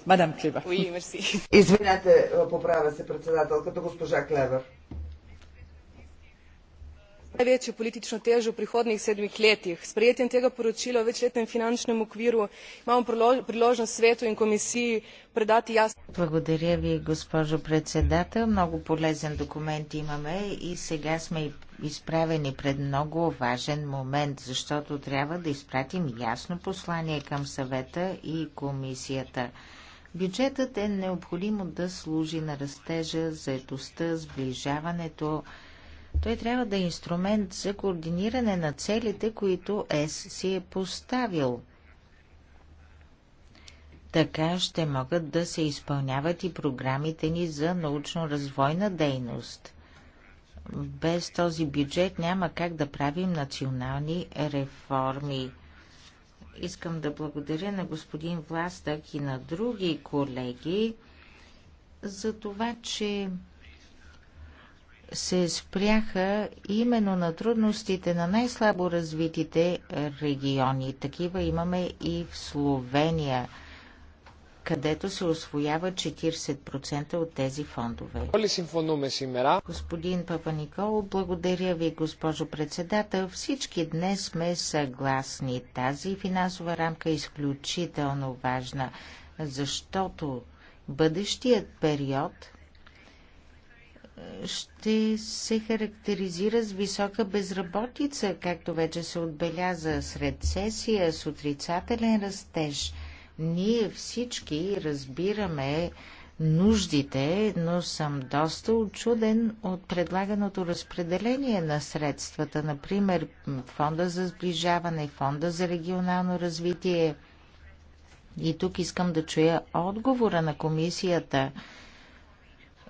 Мадам Клевър. Oui, Извинете, поправя се председателката госпожа Клевър največjo politično težo v prihodnjih sedmih letih. s sprejetjem tega poročila o večletnem finančnem okviru imamo priložnost svetu in komisiji predati jasno. Благодаря ви, госпожо председател. Много полезен документ имаме и сега сме изправени пред много важен момент, защото трябва да изпратим ясно послание към съвета и комисията. Бюджетът е необходимо да служи на растежа, заетостта, сближаването, той трябва да е инструмент за координиране на целите, които ЕС си е поставил. Така ще могат да се изпълняват и програмите ни за научно-развойна дейност. Без този бюджет няма как да правим национални реформи. Искам да благодаря на господин Властък и на други колеги за това, че се спряха именно на трудностите на най-слабо развитите региони. Такива имаме и в Словения, където се освоява 40% от тези фондове. Господин Папа Никол, благодаря ви, госпожо председател. Всички днес сме съгласни. Тази финансова рамка е изключително важна, защото бъдещият период – ще се характеризира с висока безработица, както вече се отбеляза сред сесия с отрицателен растеж. Ние всички разбираме нуждите, но съм доста очуден от предлаганото разпределение на средствата, например Фонда за сближаване, Фонда за регионално развитие. И тук искам да чуя отговора на комисията –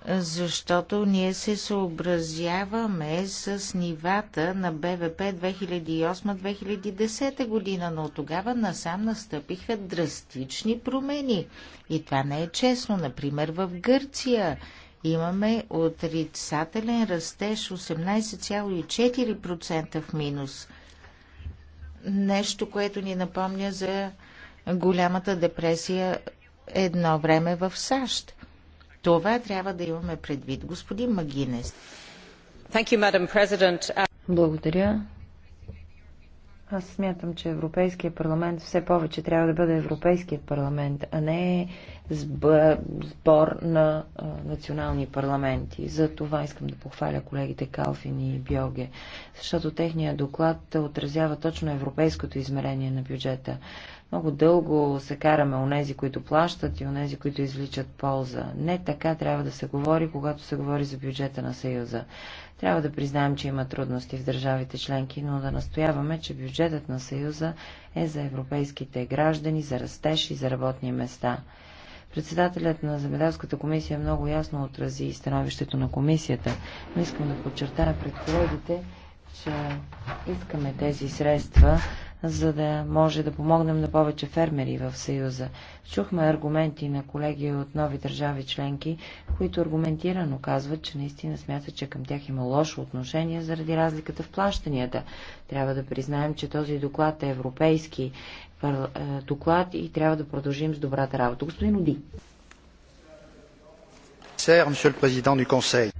защото ние се съобразяваме с нивата на БВП 2008-2010 година, но от тогава насам настъпиха драстични промени. И това не е честно. Например, в Гърция имаме отрицателен растеж 18,4% в минус. Нещо, което ни напомня за голямата депресия едно време в САЩ. Това трябва да имаме предвид. Господин Магинес. Благодаря. Аз смятам, че Европейския парламент все повече трябва да бъде Европейският парламент, а не сбор на а, национални парламенти. За това искам да похваля колегите Калфин и Бьоге, защото техният доклад отразява точно европейското измерение на бюджета. Много дълго се караме онези, които плащат и онези, които изличат полза. Не така трябва да се говори, когато се говори за бюджета на Съюза. Трябва да признаем, че има трудности в държавите членки, но да настояваме, че бюджетът на Съюза е за европейските граждани, за растеж и за работни места. Председателят на Земеделската комисия много ясно отрази становището на комисията, но искам да подчертая пред колегите, че искаме тези средства за да може да помогнем на повече фермери в Съюза. Чухме аргументи на колеги от нови държави членки, които аргументирано казват, че наистина смятат, че към тях има лошо отношение заради разликата в плащанията. Трябва да признаем, че този доклад е европейски е, доклад и трябва да продължим с добрата работа. Господин Оди. Комисар,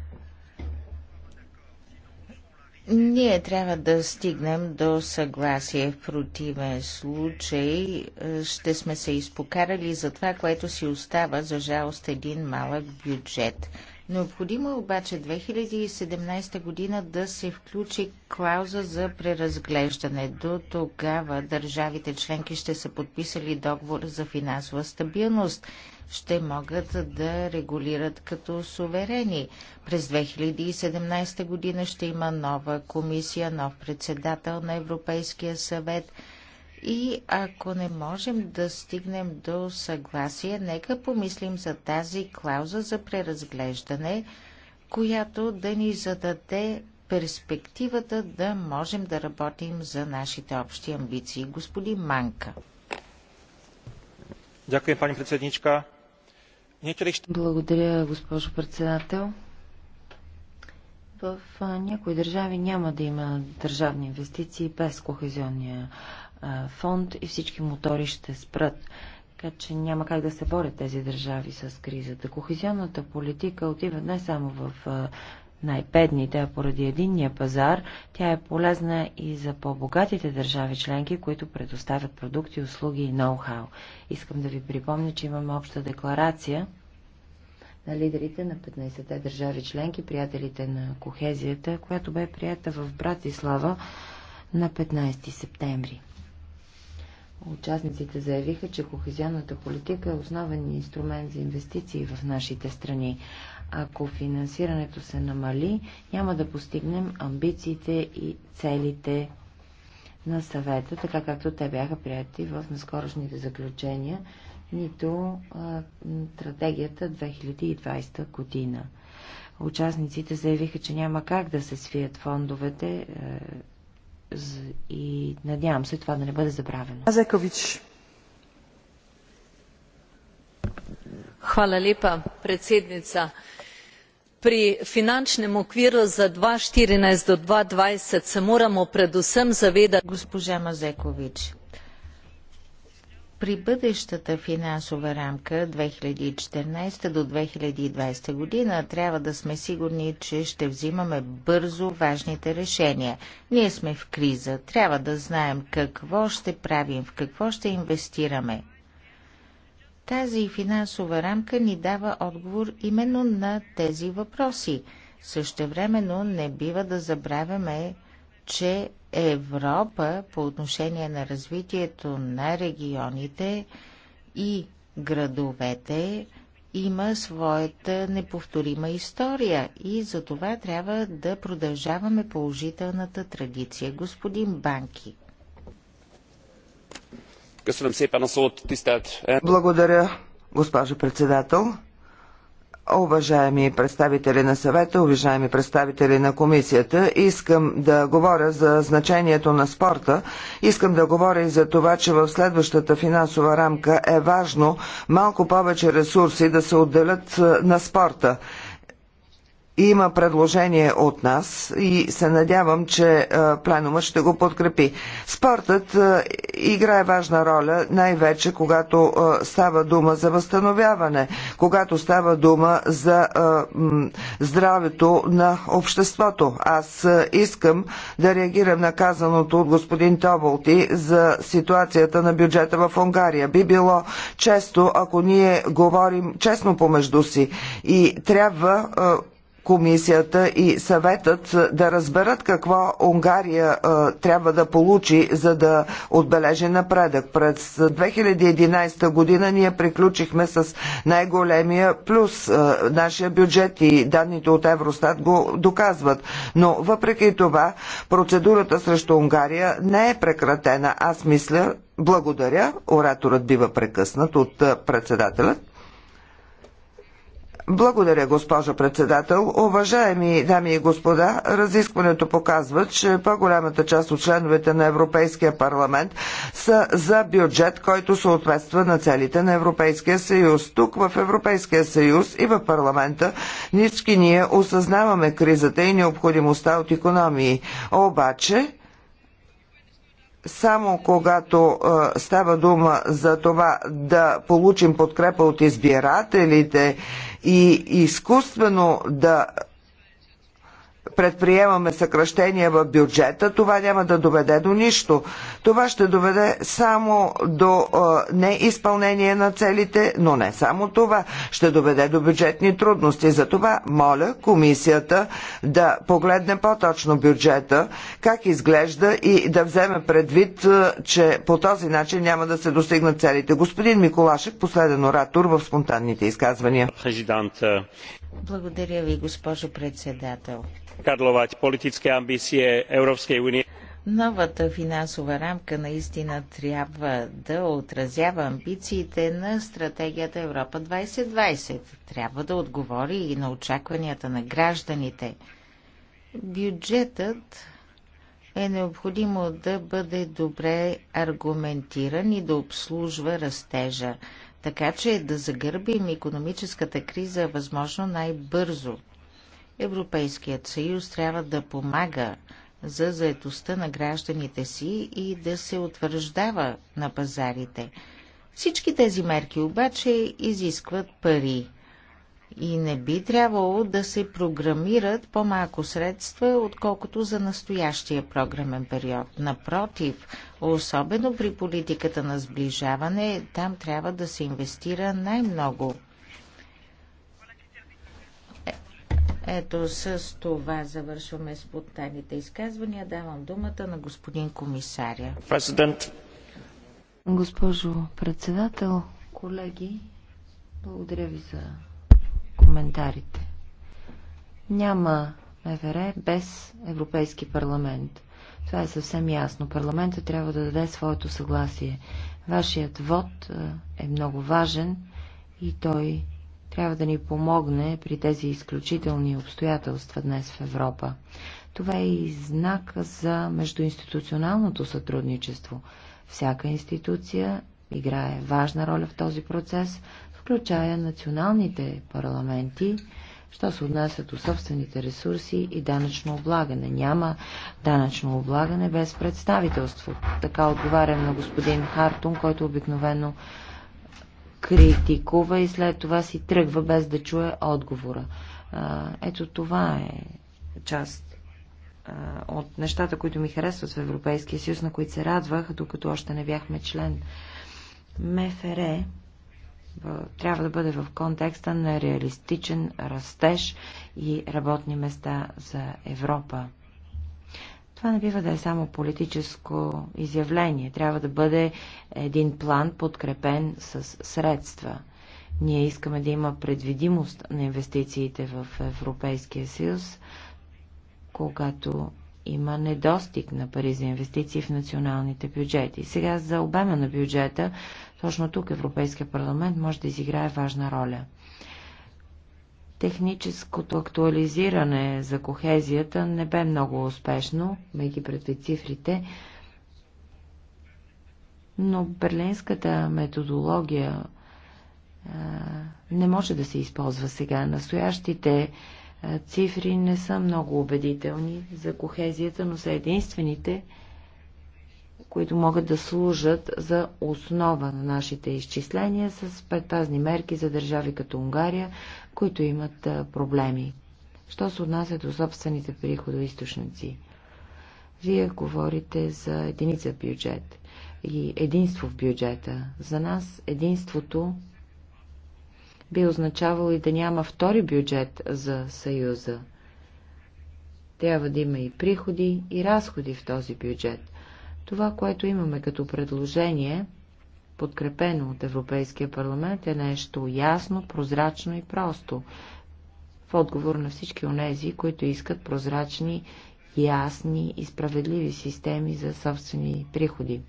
ние трябва да стигнем до съгласие. В противен случай е, ще сме се изпокарали за това, което си остава, за жалост, един малък бюджет. Необходимо е обаче 2017 година да се включи клауза за преразглеждане. До тогава държавите членки ще са подписали договор за финансова стабилност – ще могат да регулират като суверени. През 2017 година ще има нова комисия, нов председател на Европейския съвет. И ако не можем да стигнем до съгласие, нека помислим за тази клауза за преразглеждане, която да ни зададе перспективата да можем да работим за нашите общи амбиции. Господин Манка. Дякую, пани председничка. Благодаря, госпожо председател. В някои държави няма да има държавни инвестиции без кохезионния фонд и всички мотори ще спрат. Така че няма как да се борят тези държави с кризата. Кохезионната политика отива не само в най-бедните, а поради единния пазар тя е полезна и за по-богатите държави членки, които предоставят продукти, услуги и ноу-хау. Искам да ви припомня, че имаме обща декларация на лидерите на 15-те държави членки, приятелите на кохезията, която бе прията в Братислава на 15 септември. Участниците заявиха, че кохезионната политика е основен инструмент за инвестиции в нашите страни. Ако финансирането се намали, няма да постигнем амбициите и целите на съвета, така както те бяха прияти в наскорошните заключения, нито стратегията 2020 година. Участниците заявиха, че няма как да се свият фондовете е, и надявам се това да не бъде забравено. Азекович. Hvala lepa, predsednica pri finančnem okviru za dva štirinajst do dva dvajset se moramo predvsem zavedati при бъдещата финансова рамка 2014 до 2020 година трябва да сме сигурни, че ще взимаме бързо важните решения. Ние сме в криза, трябва да знаем какво ще правим, в какво ще инвестираме. Тази финансова рамка ни дава отговор именно на тези въпроси. Същевременно не бива да забравяме, че Европа по отношение на развитието на регионите и градовете има своята неповторима история и за това трябва да продължаваме положителната традиция. Господин Банки. Благодаря, госпожо председател. Уважаеми представители на съвета, уважаеми представители на комисията, искам да говоря за значението на спорта. Искам да говоря и за това, че в следващата финансова рамка е важно малко повече ресурси да се отделят е, на спорта. Има предложение от нас и се надявам, че е, пленума ще го подкрепи. Спортът е, играе важна роля, най-вече когато е, става дума за възстановяване, когато става дума за здравето на обществото. Аз искам да реагирам на казаното от господин Тоболти за ситуацията на бюджета в Унгария. Би било често, ако ние говорим честно помежду си и трябва комисията и съветът да разберат какво Унгария а, трябва да получи, за да отбележи напредък. През 2011 година ние приключихме с най-големия плюс. А, нашия бюджет и данните от Евростат го доказват. Но въпреки това, процедурата срещу Унгария не е прекратена. Аз мисля, благодаря. Ораторът бива прекъснат от председателят. Благодаря, госпожо председател. Уважаеми дами и господа, разискването показва, че по-голямата част от членовете на Европейския парламент са за бюджет, който съответства на целите на Европейския съюз. Тук в Европейския съюз и в парламента всички ние осъзнаваме кризата и необходимостта от економии. Обаче, само когато става дума за това да получим подкрепа от избирателите и изкуствено да предприемаме съкръщения в бюджета, това няма да доведе до нищо. Това ще доведе само до неизпълнение на целите, но не само това. Ще доведе до бюджетни трудности. Затова моля комисията да погледне по-точно бюджета, как изглежда и да вземе предвид, че по този начин няма да се достигнат целите. Господин Миколашек, последен оратор в спонтанните изказвания. Благодаря ви, госпожо председател kadlovať politické ambície Európskej únie. Новата финансова рамка наистина трябва да отразява амбициите на стратегията Европа 2020. Трябва да отговори и на очакванията на гражданите. Бюджетът е необходимо да бъде добре аргументиран и да обслужва растежа, така че да загърбим економическата криза възможно най-бързо – Европейският съюз трябва да помага за заетостта на гражданите си и да се утвърждава на пазарите. Всички тези мерки обаче изискват пари и не би трябвало да се програмират по-малко средства, отколкото за настоящия програмен период. Напротив, особено при политиката на сближаване, там трябва да се инвестира най-много – ето с това завършваме спонтанните изказвания. Давам думата на господин комисаря. Президент. Госпожо председател, колеги, благодаря ви за коментарите. Няма МВР без Европейски парламент. Това е съвсем ясно. Парламентът трябва да даде своето съгласие. Вашият вод е, е много важен и той трябва да ни помогне при тези изключителни обстоятелства днес в Европа. Това е и знак за междуинституционалното сътрудничество. Всяка институция играе важна роля в този процес, включая националните парламенти, що се отнася до собствените ресурси и данъчно облагане. Няма данъчно облагане без представителство. Така отговарям на господин Хартун, който обикновено критикува и след това си тръгва без да чуе отговора. Ето това е част от нещата, които ми харесват в Европейския съюз, на които се радвах, докато още не бяхме член. МФР трябва да бъде в контекста на реалистичен растеж и работни места за Европа. Това не бива да е само политическо изявление. Трябва да бъде един план подкрепен с средства. Ние искаме да има предвидимост на инвестициите в Европейския съюз, когато има недостиг на пари за инвестиции в националните бюджети. Сега за обема на бюджета, точно тук Европейския парламент може да изиграе важна роля. Техническото актуализиране за кохезията не бе много успешно, меги предвид цифрите, но берлинската методология а, не може да се използва сега. Настоящите а, цифри не са много убедителни за кохезията, но са единствените, които могат да служат за основа на нашите изчисления с предпазни мерки за държави като Унгария, които имат проблеми. Що се отнася до собствените приходоисточници? Вие говорите за единица бюджет и единство в бюджета. За нас единството би означавало и да няма втори бюджет за Съюза. Трябва да има и приходи, и разходи в този бюджет. Това, което имаме като предложение, подкрепено от Европейския парламент, е нещо ясно, прозрачно и просто. В отговор на всички онези, които искат прозрачни, ясни и справедливи системи за собствени приходи.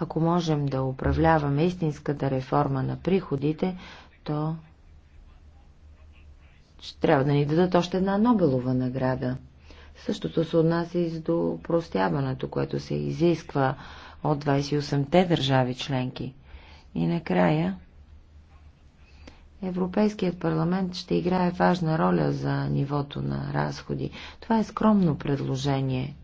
Ако можем да управляваме истинската реформа на приходите, то ще трябва да ни дадат още една Нобелова награда – Същото се отнася и до простяването, което се изисква от 28-те държави членки. И накрая Европейският парламент ще играе важна роля за нивото на разходи. Това е скромно предложение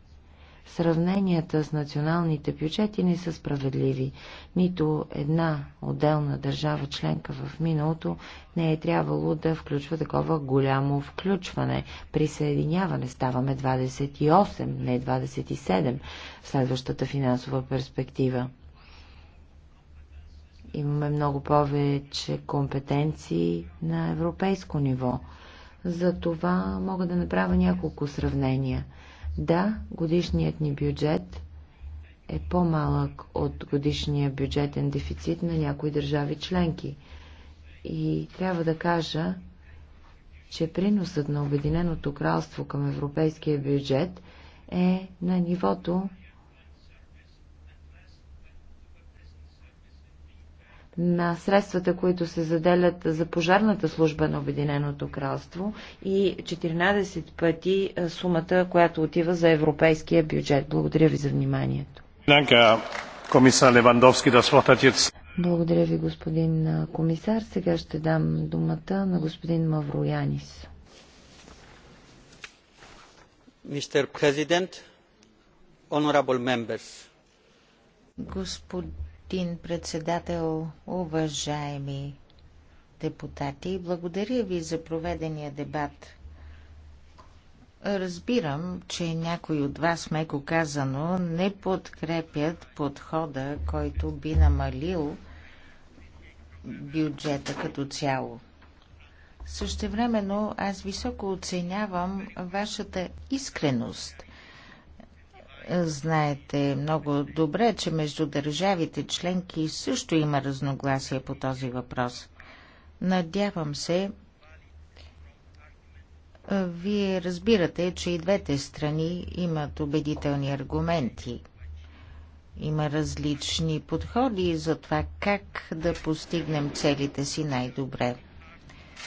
сравненията с националните бюджети не са справедливи. Нито една отделна държава членка в миналото не е трябвало да включва такова голямо включване. Присъединяване ставаме 28, не 27 в следващата финансова перспектива. Имаме много повече компетенции на европейско ниво. За това мога да направя няколко сравнения – да, годишният ни бюджет е по-малък от годишния бюджетен дефицит на някои държави членки. И трябва да кажа, че приносът на Обединеното кралство към европейския бюджет е на нивото на средствата, които се заделят за пожарната служба на Обединеното кралство и 14 пъти сумата, която отива за европейския бюджет. Благодаря ви за вниманието. Благодаря ви, господин комисар. Сега ще дам думата на господин Мавроянис. Мистер Президент, honorable members. Господин господин председател, уважаеми депутати, благодаря ви за проведения дебат. Разбирам, че някои от вас, меко казано, не подкрепят подхода, който би намалил бюджета като цяло. Същевременно аз високо оценявам вашата искреност Знаете много добре, че между държавите членки също има разногласия по този въпрос. Надявам се, вие разбирате, че и двете страни имат убедителни аргументи. Има различни подходи за това как да постигнем целите си най-добре.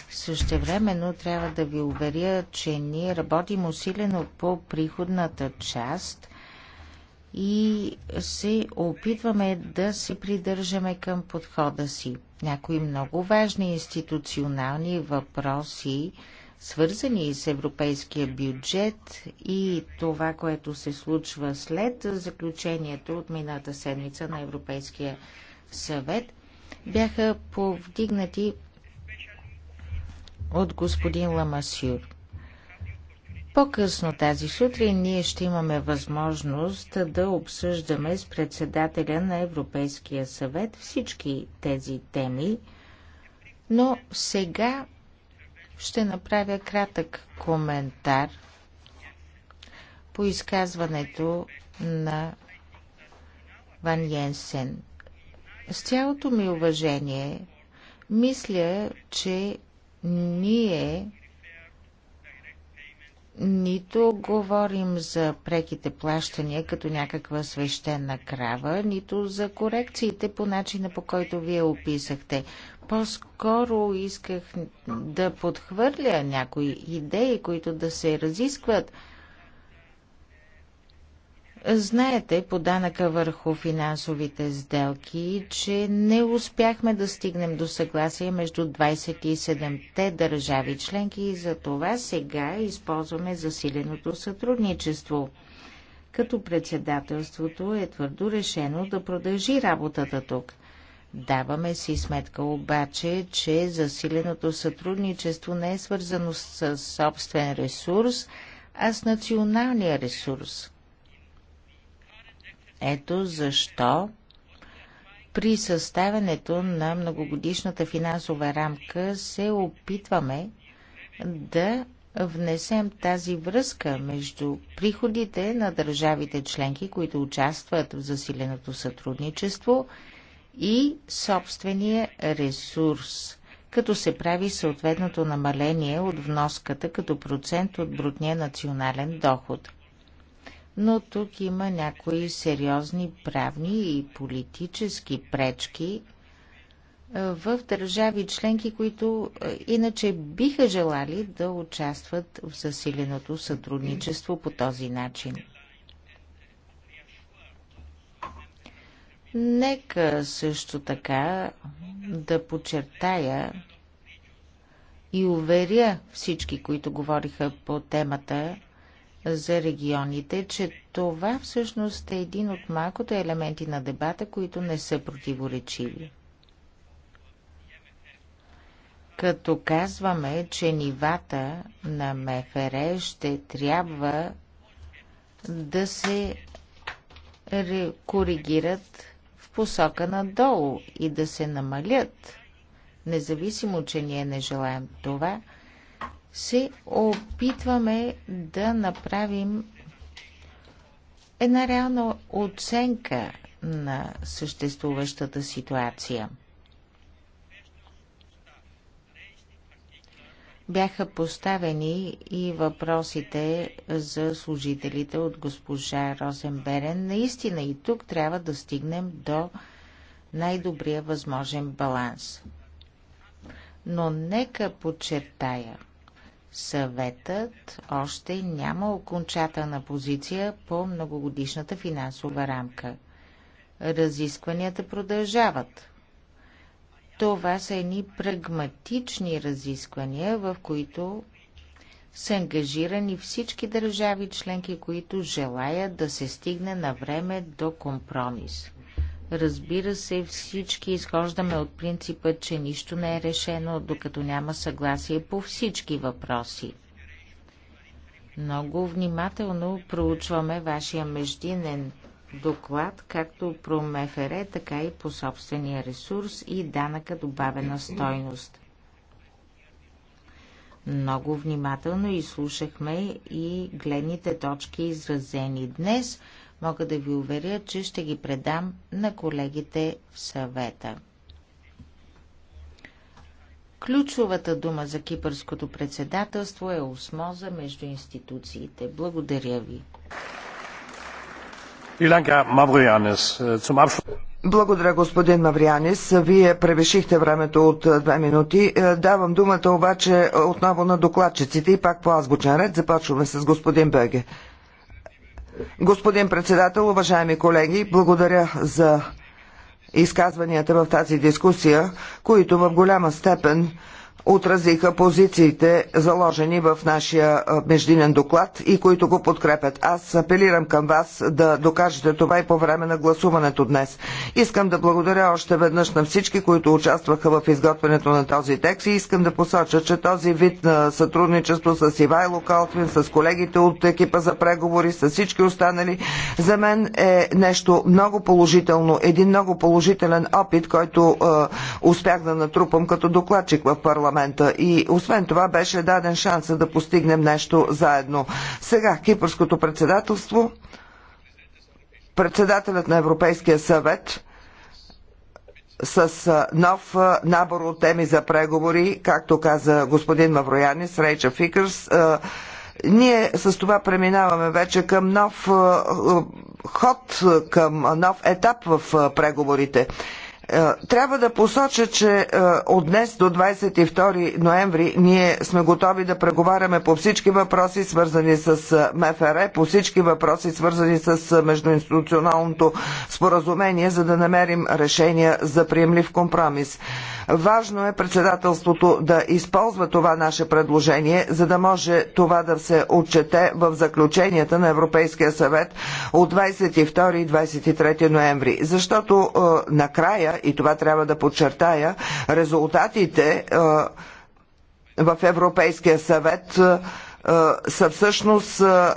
Същевременно трябва да ви уверя, че ние работим усилено по приходната част и се опитваме да се придържаме към подхода си. Някои много важни институционални въпроси, свързани с европейския бюджет и това, което се случва след заключението от мината седмица на Европейския съвет, бяха повдигнати от господин Ламасюр. По-късно тази сутрин ние ще имаме възможност да обсъждаме с председателя на Европейския съвет всички тези теми, но сега ще направя кратък коментар по изказването на Ван Йенсен. С цялото ми уважение, мисля, че ние нито говорим за преките плащания като някаква свещена крава, нито за корекциите по начина по който вие описахте. По-скоро исках да подхвърля някои идеи, които да се разискват – Знаете по данъка върху финансовите сделки, че не успяхме да стигнем до съгласие между 27-те държави членки и за това сега използваме засиленото сътрудничество. Като председателството е твърдо решено да продължи работата тук. Даваме си сметка обаче, че засиленото сътрудничество не е свързано с собствен ресурс, а с националния ресурс. Ето защо при съставянето на многогодишната финансова рамка се опитваме да внесем тази връзка между приходите на държавите членки, които участват в засиленото сътрудничество и собствения ресурс, като се прави съответното намаление от вноската като процент от брутния национален доход – но тук има някои сериозни правни и политически пречки в държави членки, които иначе биха желали да участват в засиленото сътрудничество по този начин. Нека също така да подчертая и уверя всички, които говориха по темата, за регионите, че това всъщност е един от малкото елементи на дебата, които не са противоречиви. Като казваме, че нивата на МФР ще трябва да се коригират в посока надолу и да се намалят, независимо, че ние не желаем това – се опитваме да направим една реална оценка на съществуващата ситуация. Бяха поставени и въпросите за служителите от госпожа Розенберен. Наистина и тук трябва да стигнем до най-добрия възможен баланс. Но нека подчертая – Съветът още няма окончателна позиция по многогодишната финансова рамка. Разискванията продължават. Това са едни прагматични разисквания, в които са ангажирани всички държави членки, които желаят да се стигне на време до компромис. Разбира се, всички изхождаме от принципа, че нищо не е решено, докато няма съгласие по всички въпроси. Много внимателно проучваме вашия междинен доклад, както про МФР, така и по собствения ресурс и данъка добавена стойност. Много внимателно изслушахме и гледните точки, изразени днес – Мога да ви уверя, че ще ги предам на колегите в съвета. Ключовата дума за кипърското председателство е осмоза между институциите. Благодаря ви. Е, Благодаря, господин Маврианис. Вие превишихте времето от е, две минути. Е, давам думата обаче отново на докладчиците и пак по азбучен ред. Започваме с господин Беге. Господин председател, уважаеми колеги, благодаря за изказванията в тази дискусия, които в голяма степен отразиха позициите, заложени в нашия междинен доклад и които го подкрепят. Аз апелирам към вас да докажете това и по време на гласуването днес. Искам да благодаря още веднъж на всички, които участваха в изготвянето на този текст и искам да посоча, че този вид на сътрудничество с Ивайло Калтвин, с колегите от екипа за преговори, с всички останали, за мен е нещо много положително, един много положителен опит, който е, успях да натрупам като докладчик в парламента парламента и освен това беше даден шанс да постигнем нещо заедно. Сега Кипърското председателство, председателят на Европейския съвет с нов набор от теми за преговори, както каза господин Мавроянис, Рейча Фикърс, ние с това преминаваме вече към нов ход, към нов етап в преговорите. Е, трябва да посоча, че е, от днес до 22 ноември ние сме готови да преговаряме по всички въпроси, свързани с е, МФР, по всички въпроси, свързани с междуинституционалното споразумение, за да намерим решения за приемлив компромис. Важно е председателството да използва това наше предложение, за да може това да се отчете в заключенията на Европейския съвет от 22 и 23 ноември. Защото е, накрая, и това трябва да подчертая, резултатите е, в Европейския съвет е, е са всъщност. Е,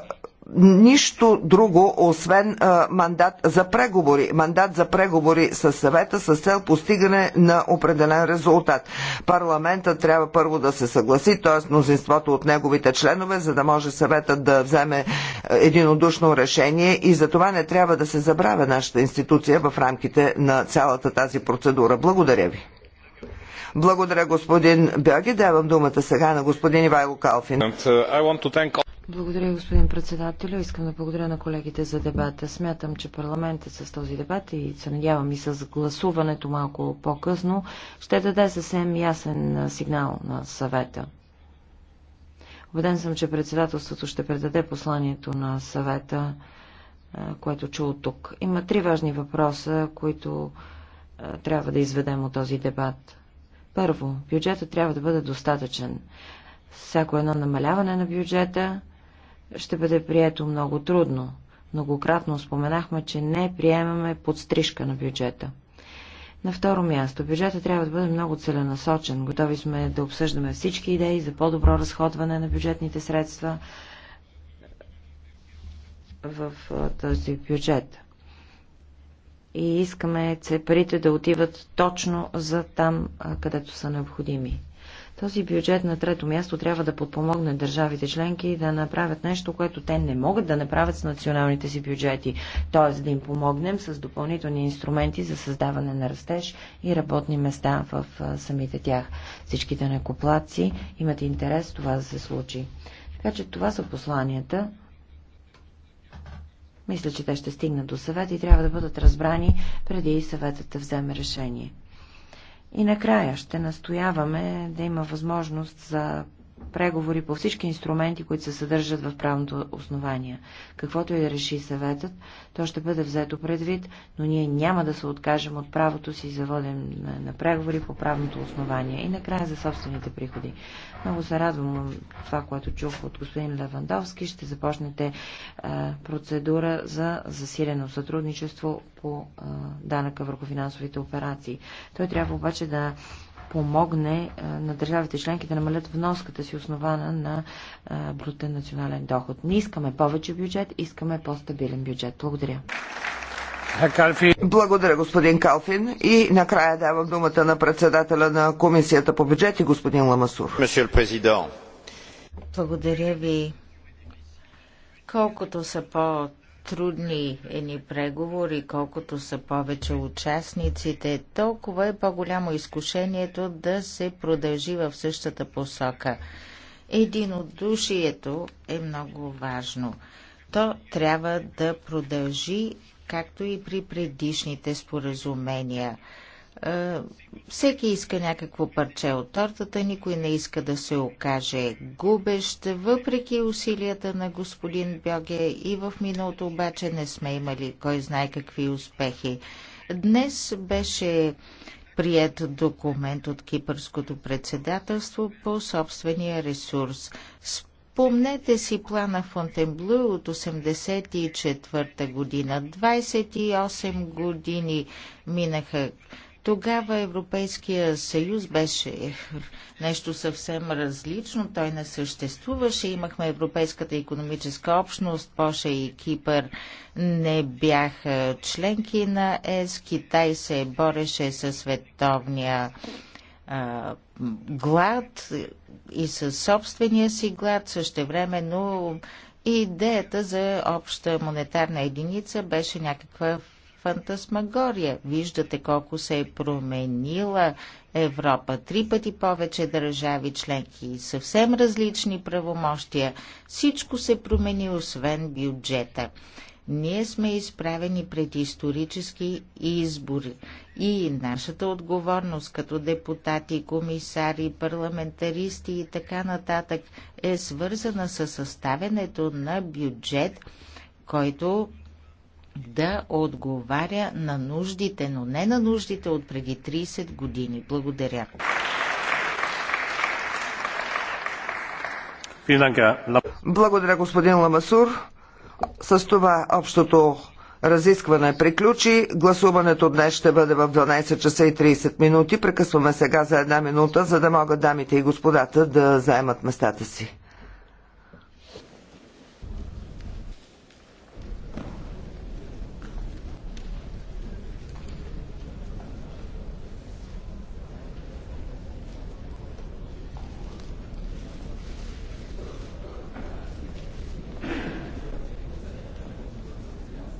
нищо друго, освен а, мандат за преговори. Мандат за преговори с съвета с цел постигане на определен резултат. Парламентът трябва първо да се съгласи, т.е. мнозинството от неговите членове, за да може съветът да вземе единодушно решение и за това не трябва да се забравя нашата институция в рамките на цялата тази процедура. Благодаря ви. Благодаря господин Бьоги. Давам думата сега на господин Ивайло Калфин. Uh, благодаря, господин председател, Искам да благодаря на колегите за дебата. Смятам, че парламентът с този дебат и се надявам и с гласуването малко по-късно ще даде съвсем ясен сигнал на съвета. Обеден съм, че председателството ще предаде посланието на съвета, което чу от тук. Има три важни въпроса, които трябва да изведем от този дебат. Първо, бюджетът трябва да бъде достатъчен всяко едно намаляване на бюджета ще бъде прието много трудно. Многократно споменахме, че не приемаме подстрижка на бюджета. На второ място, бюджета трябва да бъде много целенасочен. Готови сме да обсъждаме всички идеи за по-добро разходване на бюджетните средства в този бюджет. И искаме парите да отиват точно за там, където са необходими. Този бюджет на трето място трябва да подпомогне държавите членки да направят нещо, което те не могат да направят с националните си бюджети, т.е. да им помогнем с допълнителни инструменти за създаване на растеж и работни места в самите тях. Всичките накоплаци имат интерес това да се случи. Така че това са посланията. Мисля, че те ще стигнат до съвет и трябва да бъдат разбрани преди съветът да вземе решение. И накрая ще настояваме да има възможност за преговори по всички инструменти, които се съдържат в правното основание. Каквото и да реши съветът, то ще бъде взето предвид, но ние няма да се откажем от правото си за воден на преговори по правното основание. И накрая за собствените приходи. Много се радвам това, което чух от господин Левандовски. Ще започнете процедура за засилено сътрудничество по данъка върху финансовите операции. Той трябва обаче да помогне на държавите членки да намалят вноската си основана на брутен национален доход. Не искаме повече бюджет, искаме по-стабилен бюджет. Благодаря. Благодаря, господин Калфин. И накрая давам думата на председателя на Комисията по бюджет и господин Ламасур. Благодаря ви. Колкото са по трудни е ни преговори, колкото са повече участниците, толкова е по-голямо изкушението да се продължи в същата посока. Единодушието е много важно. То трябва да продължи, както и при предишните споразумения – е, всеки иска някакво парче от тортата, никой не иска да се окаже губещ, въпреки усилията на господин Бьоге и в миналото обаче не сме имали кой знае какви успехи. Днес беше прият документ от Кипърското председателство по собствения ресурс. Помнете си плана Фонтенблу от 1984 година. 28 години минаха тогава Европейския съюз беше нещо съвсем различно. Той не съществуваше. Имахме Европейската економическа общност. Поша и Кипър не бяха членки на ЕС. Китай се бореше със световния а, глад и със собствения си глад. също време, но идеята за обща монетарна единица беше някаква фантасмагория. Виждате колко се е променила Европа. Три пъти повече държави членки, съвсем различни правомощия. Всичко се промени, освен бюджета. Ние сме изправени пред исторически избори и нашата отговорност като депутати, комисари, парламентаристи и така нататък е свързана с съставянето на бюджет, който да отговаря на нуждите, но не на нуждите от преди 30 години. Благодаря. Благодаря, господин Ламасур. С това общото разискване приключи. Гласуването днес ще бъде в 12 часа и 30 минути. Прекъсваме сега за една минута, за да могат дамите и господата да заемат местата си.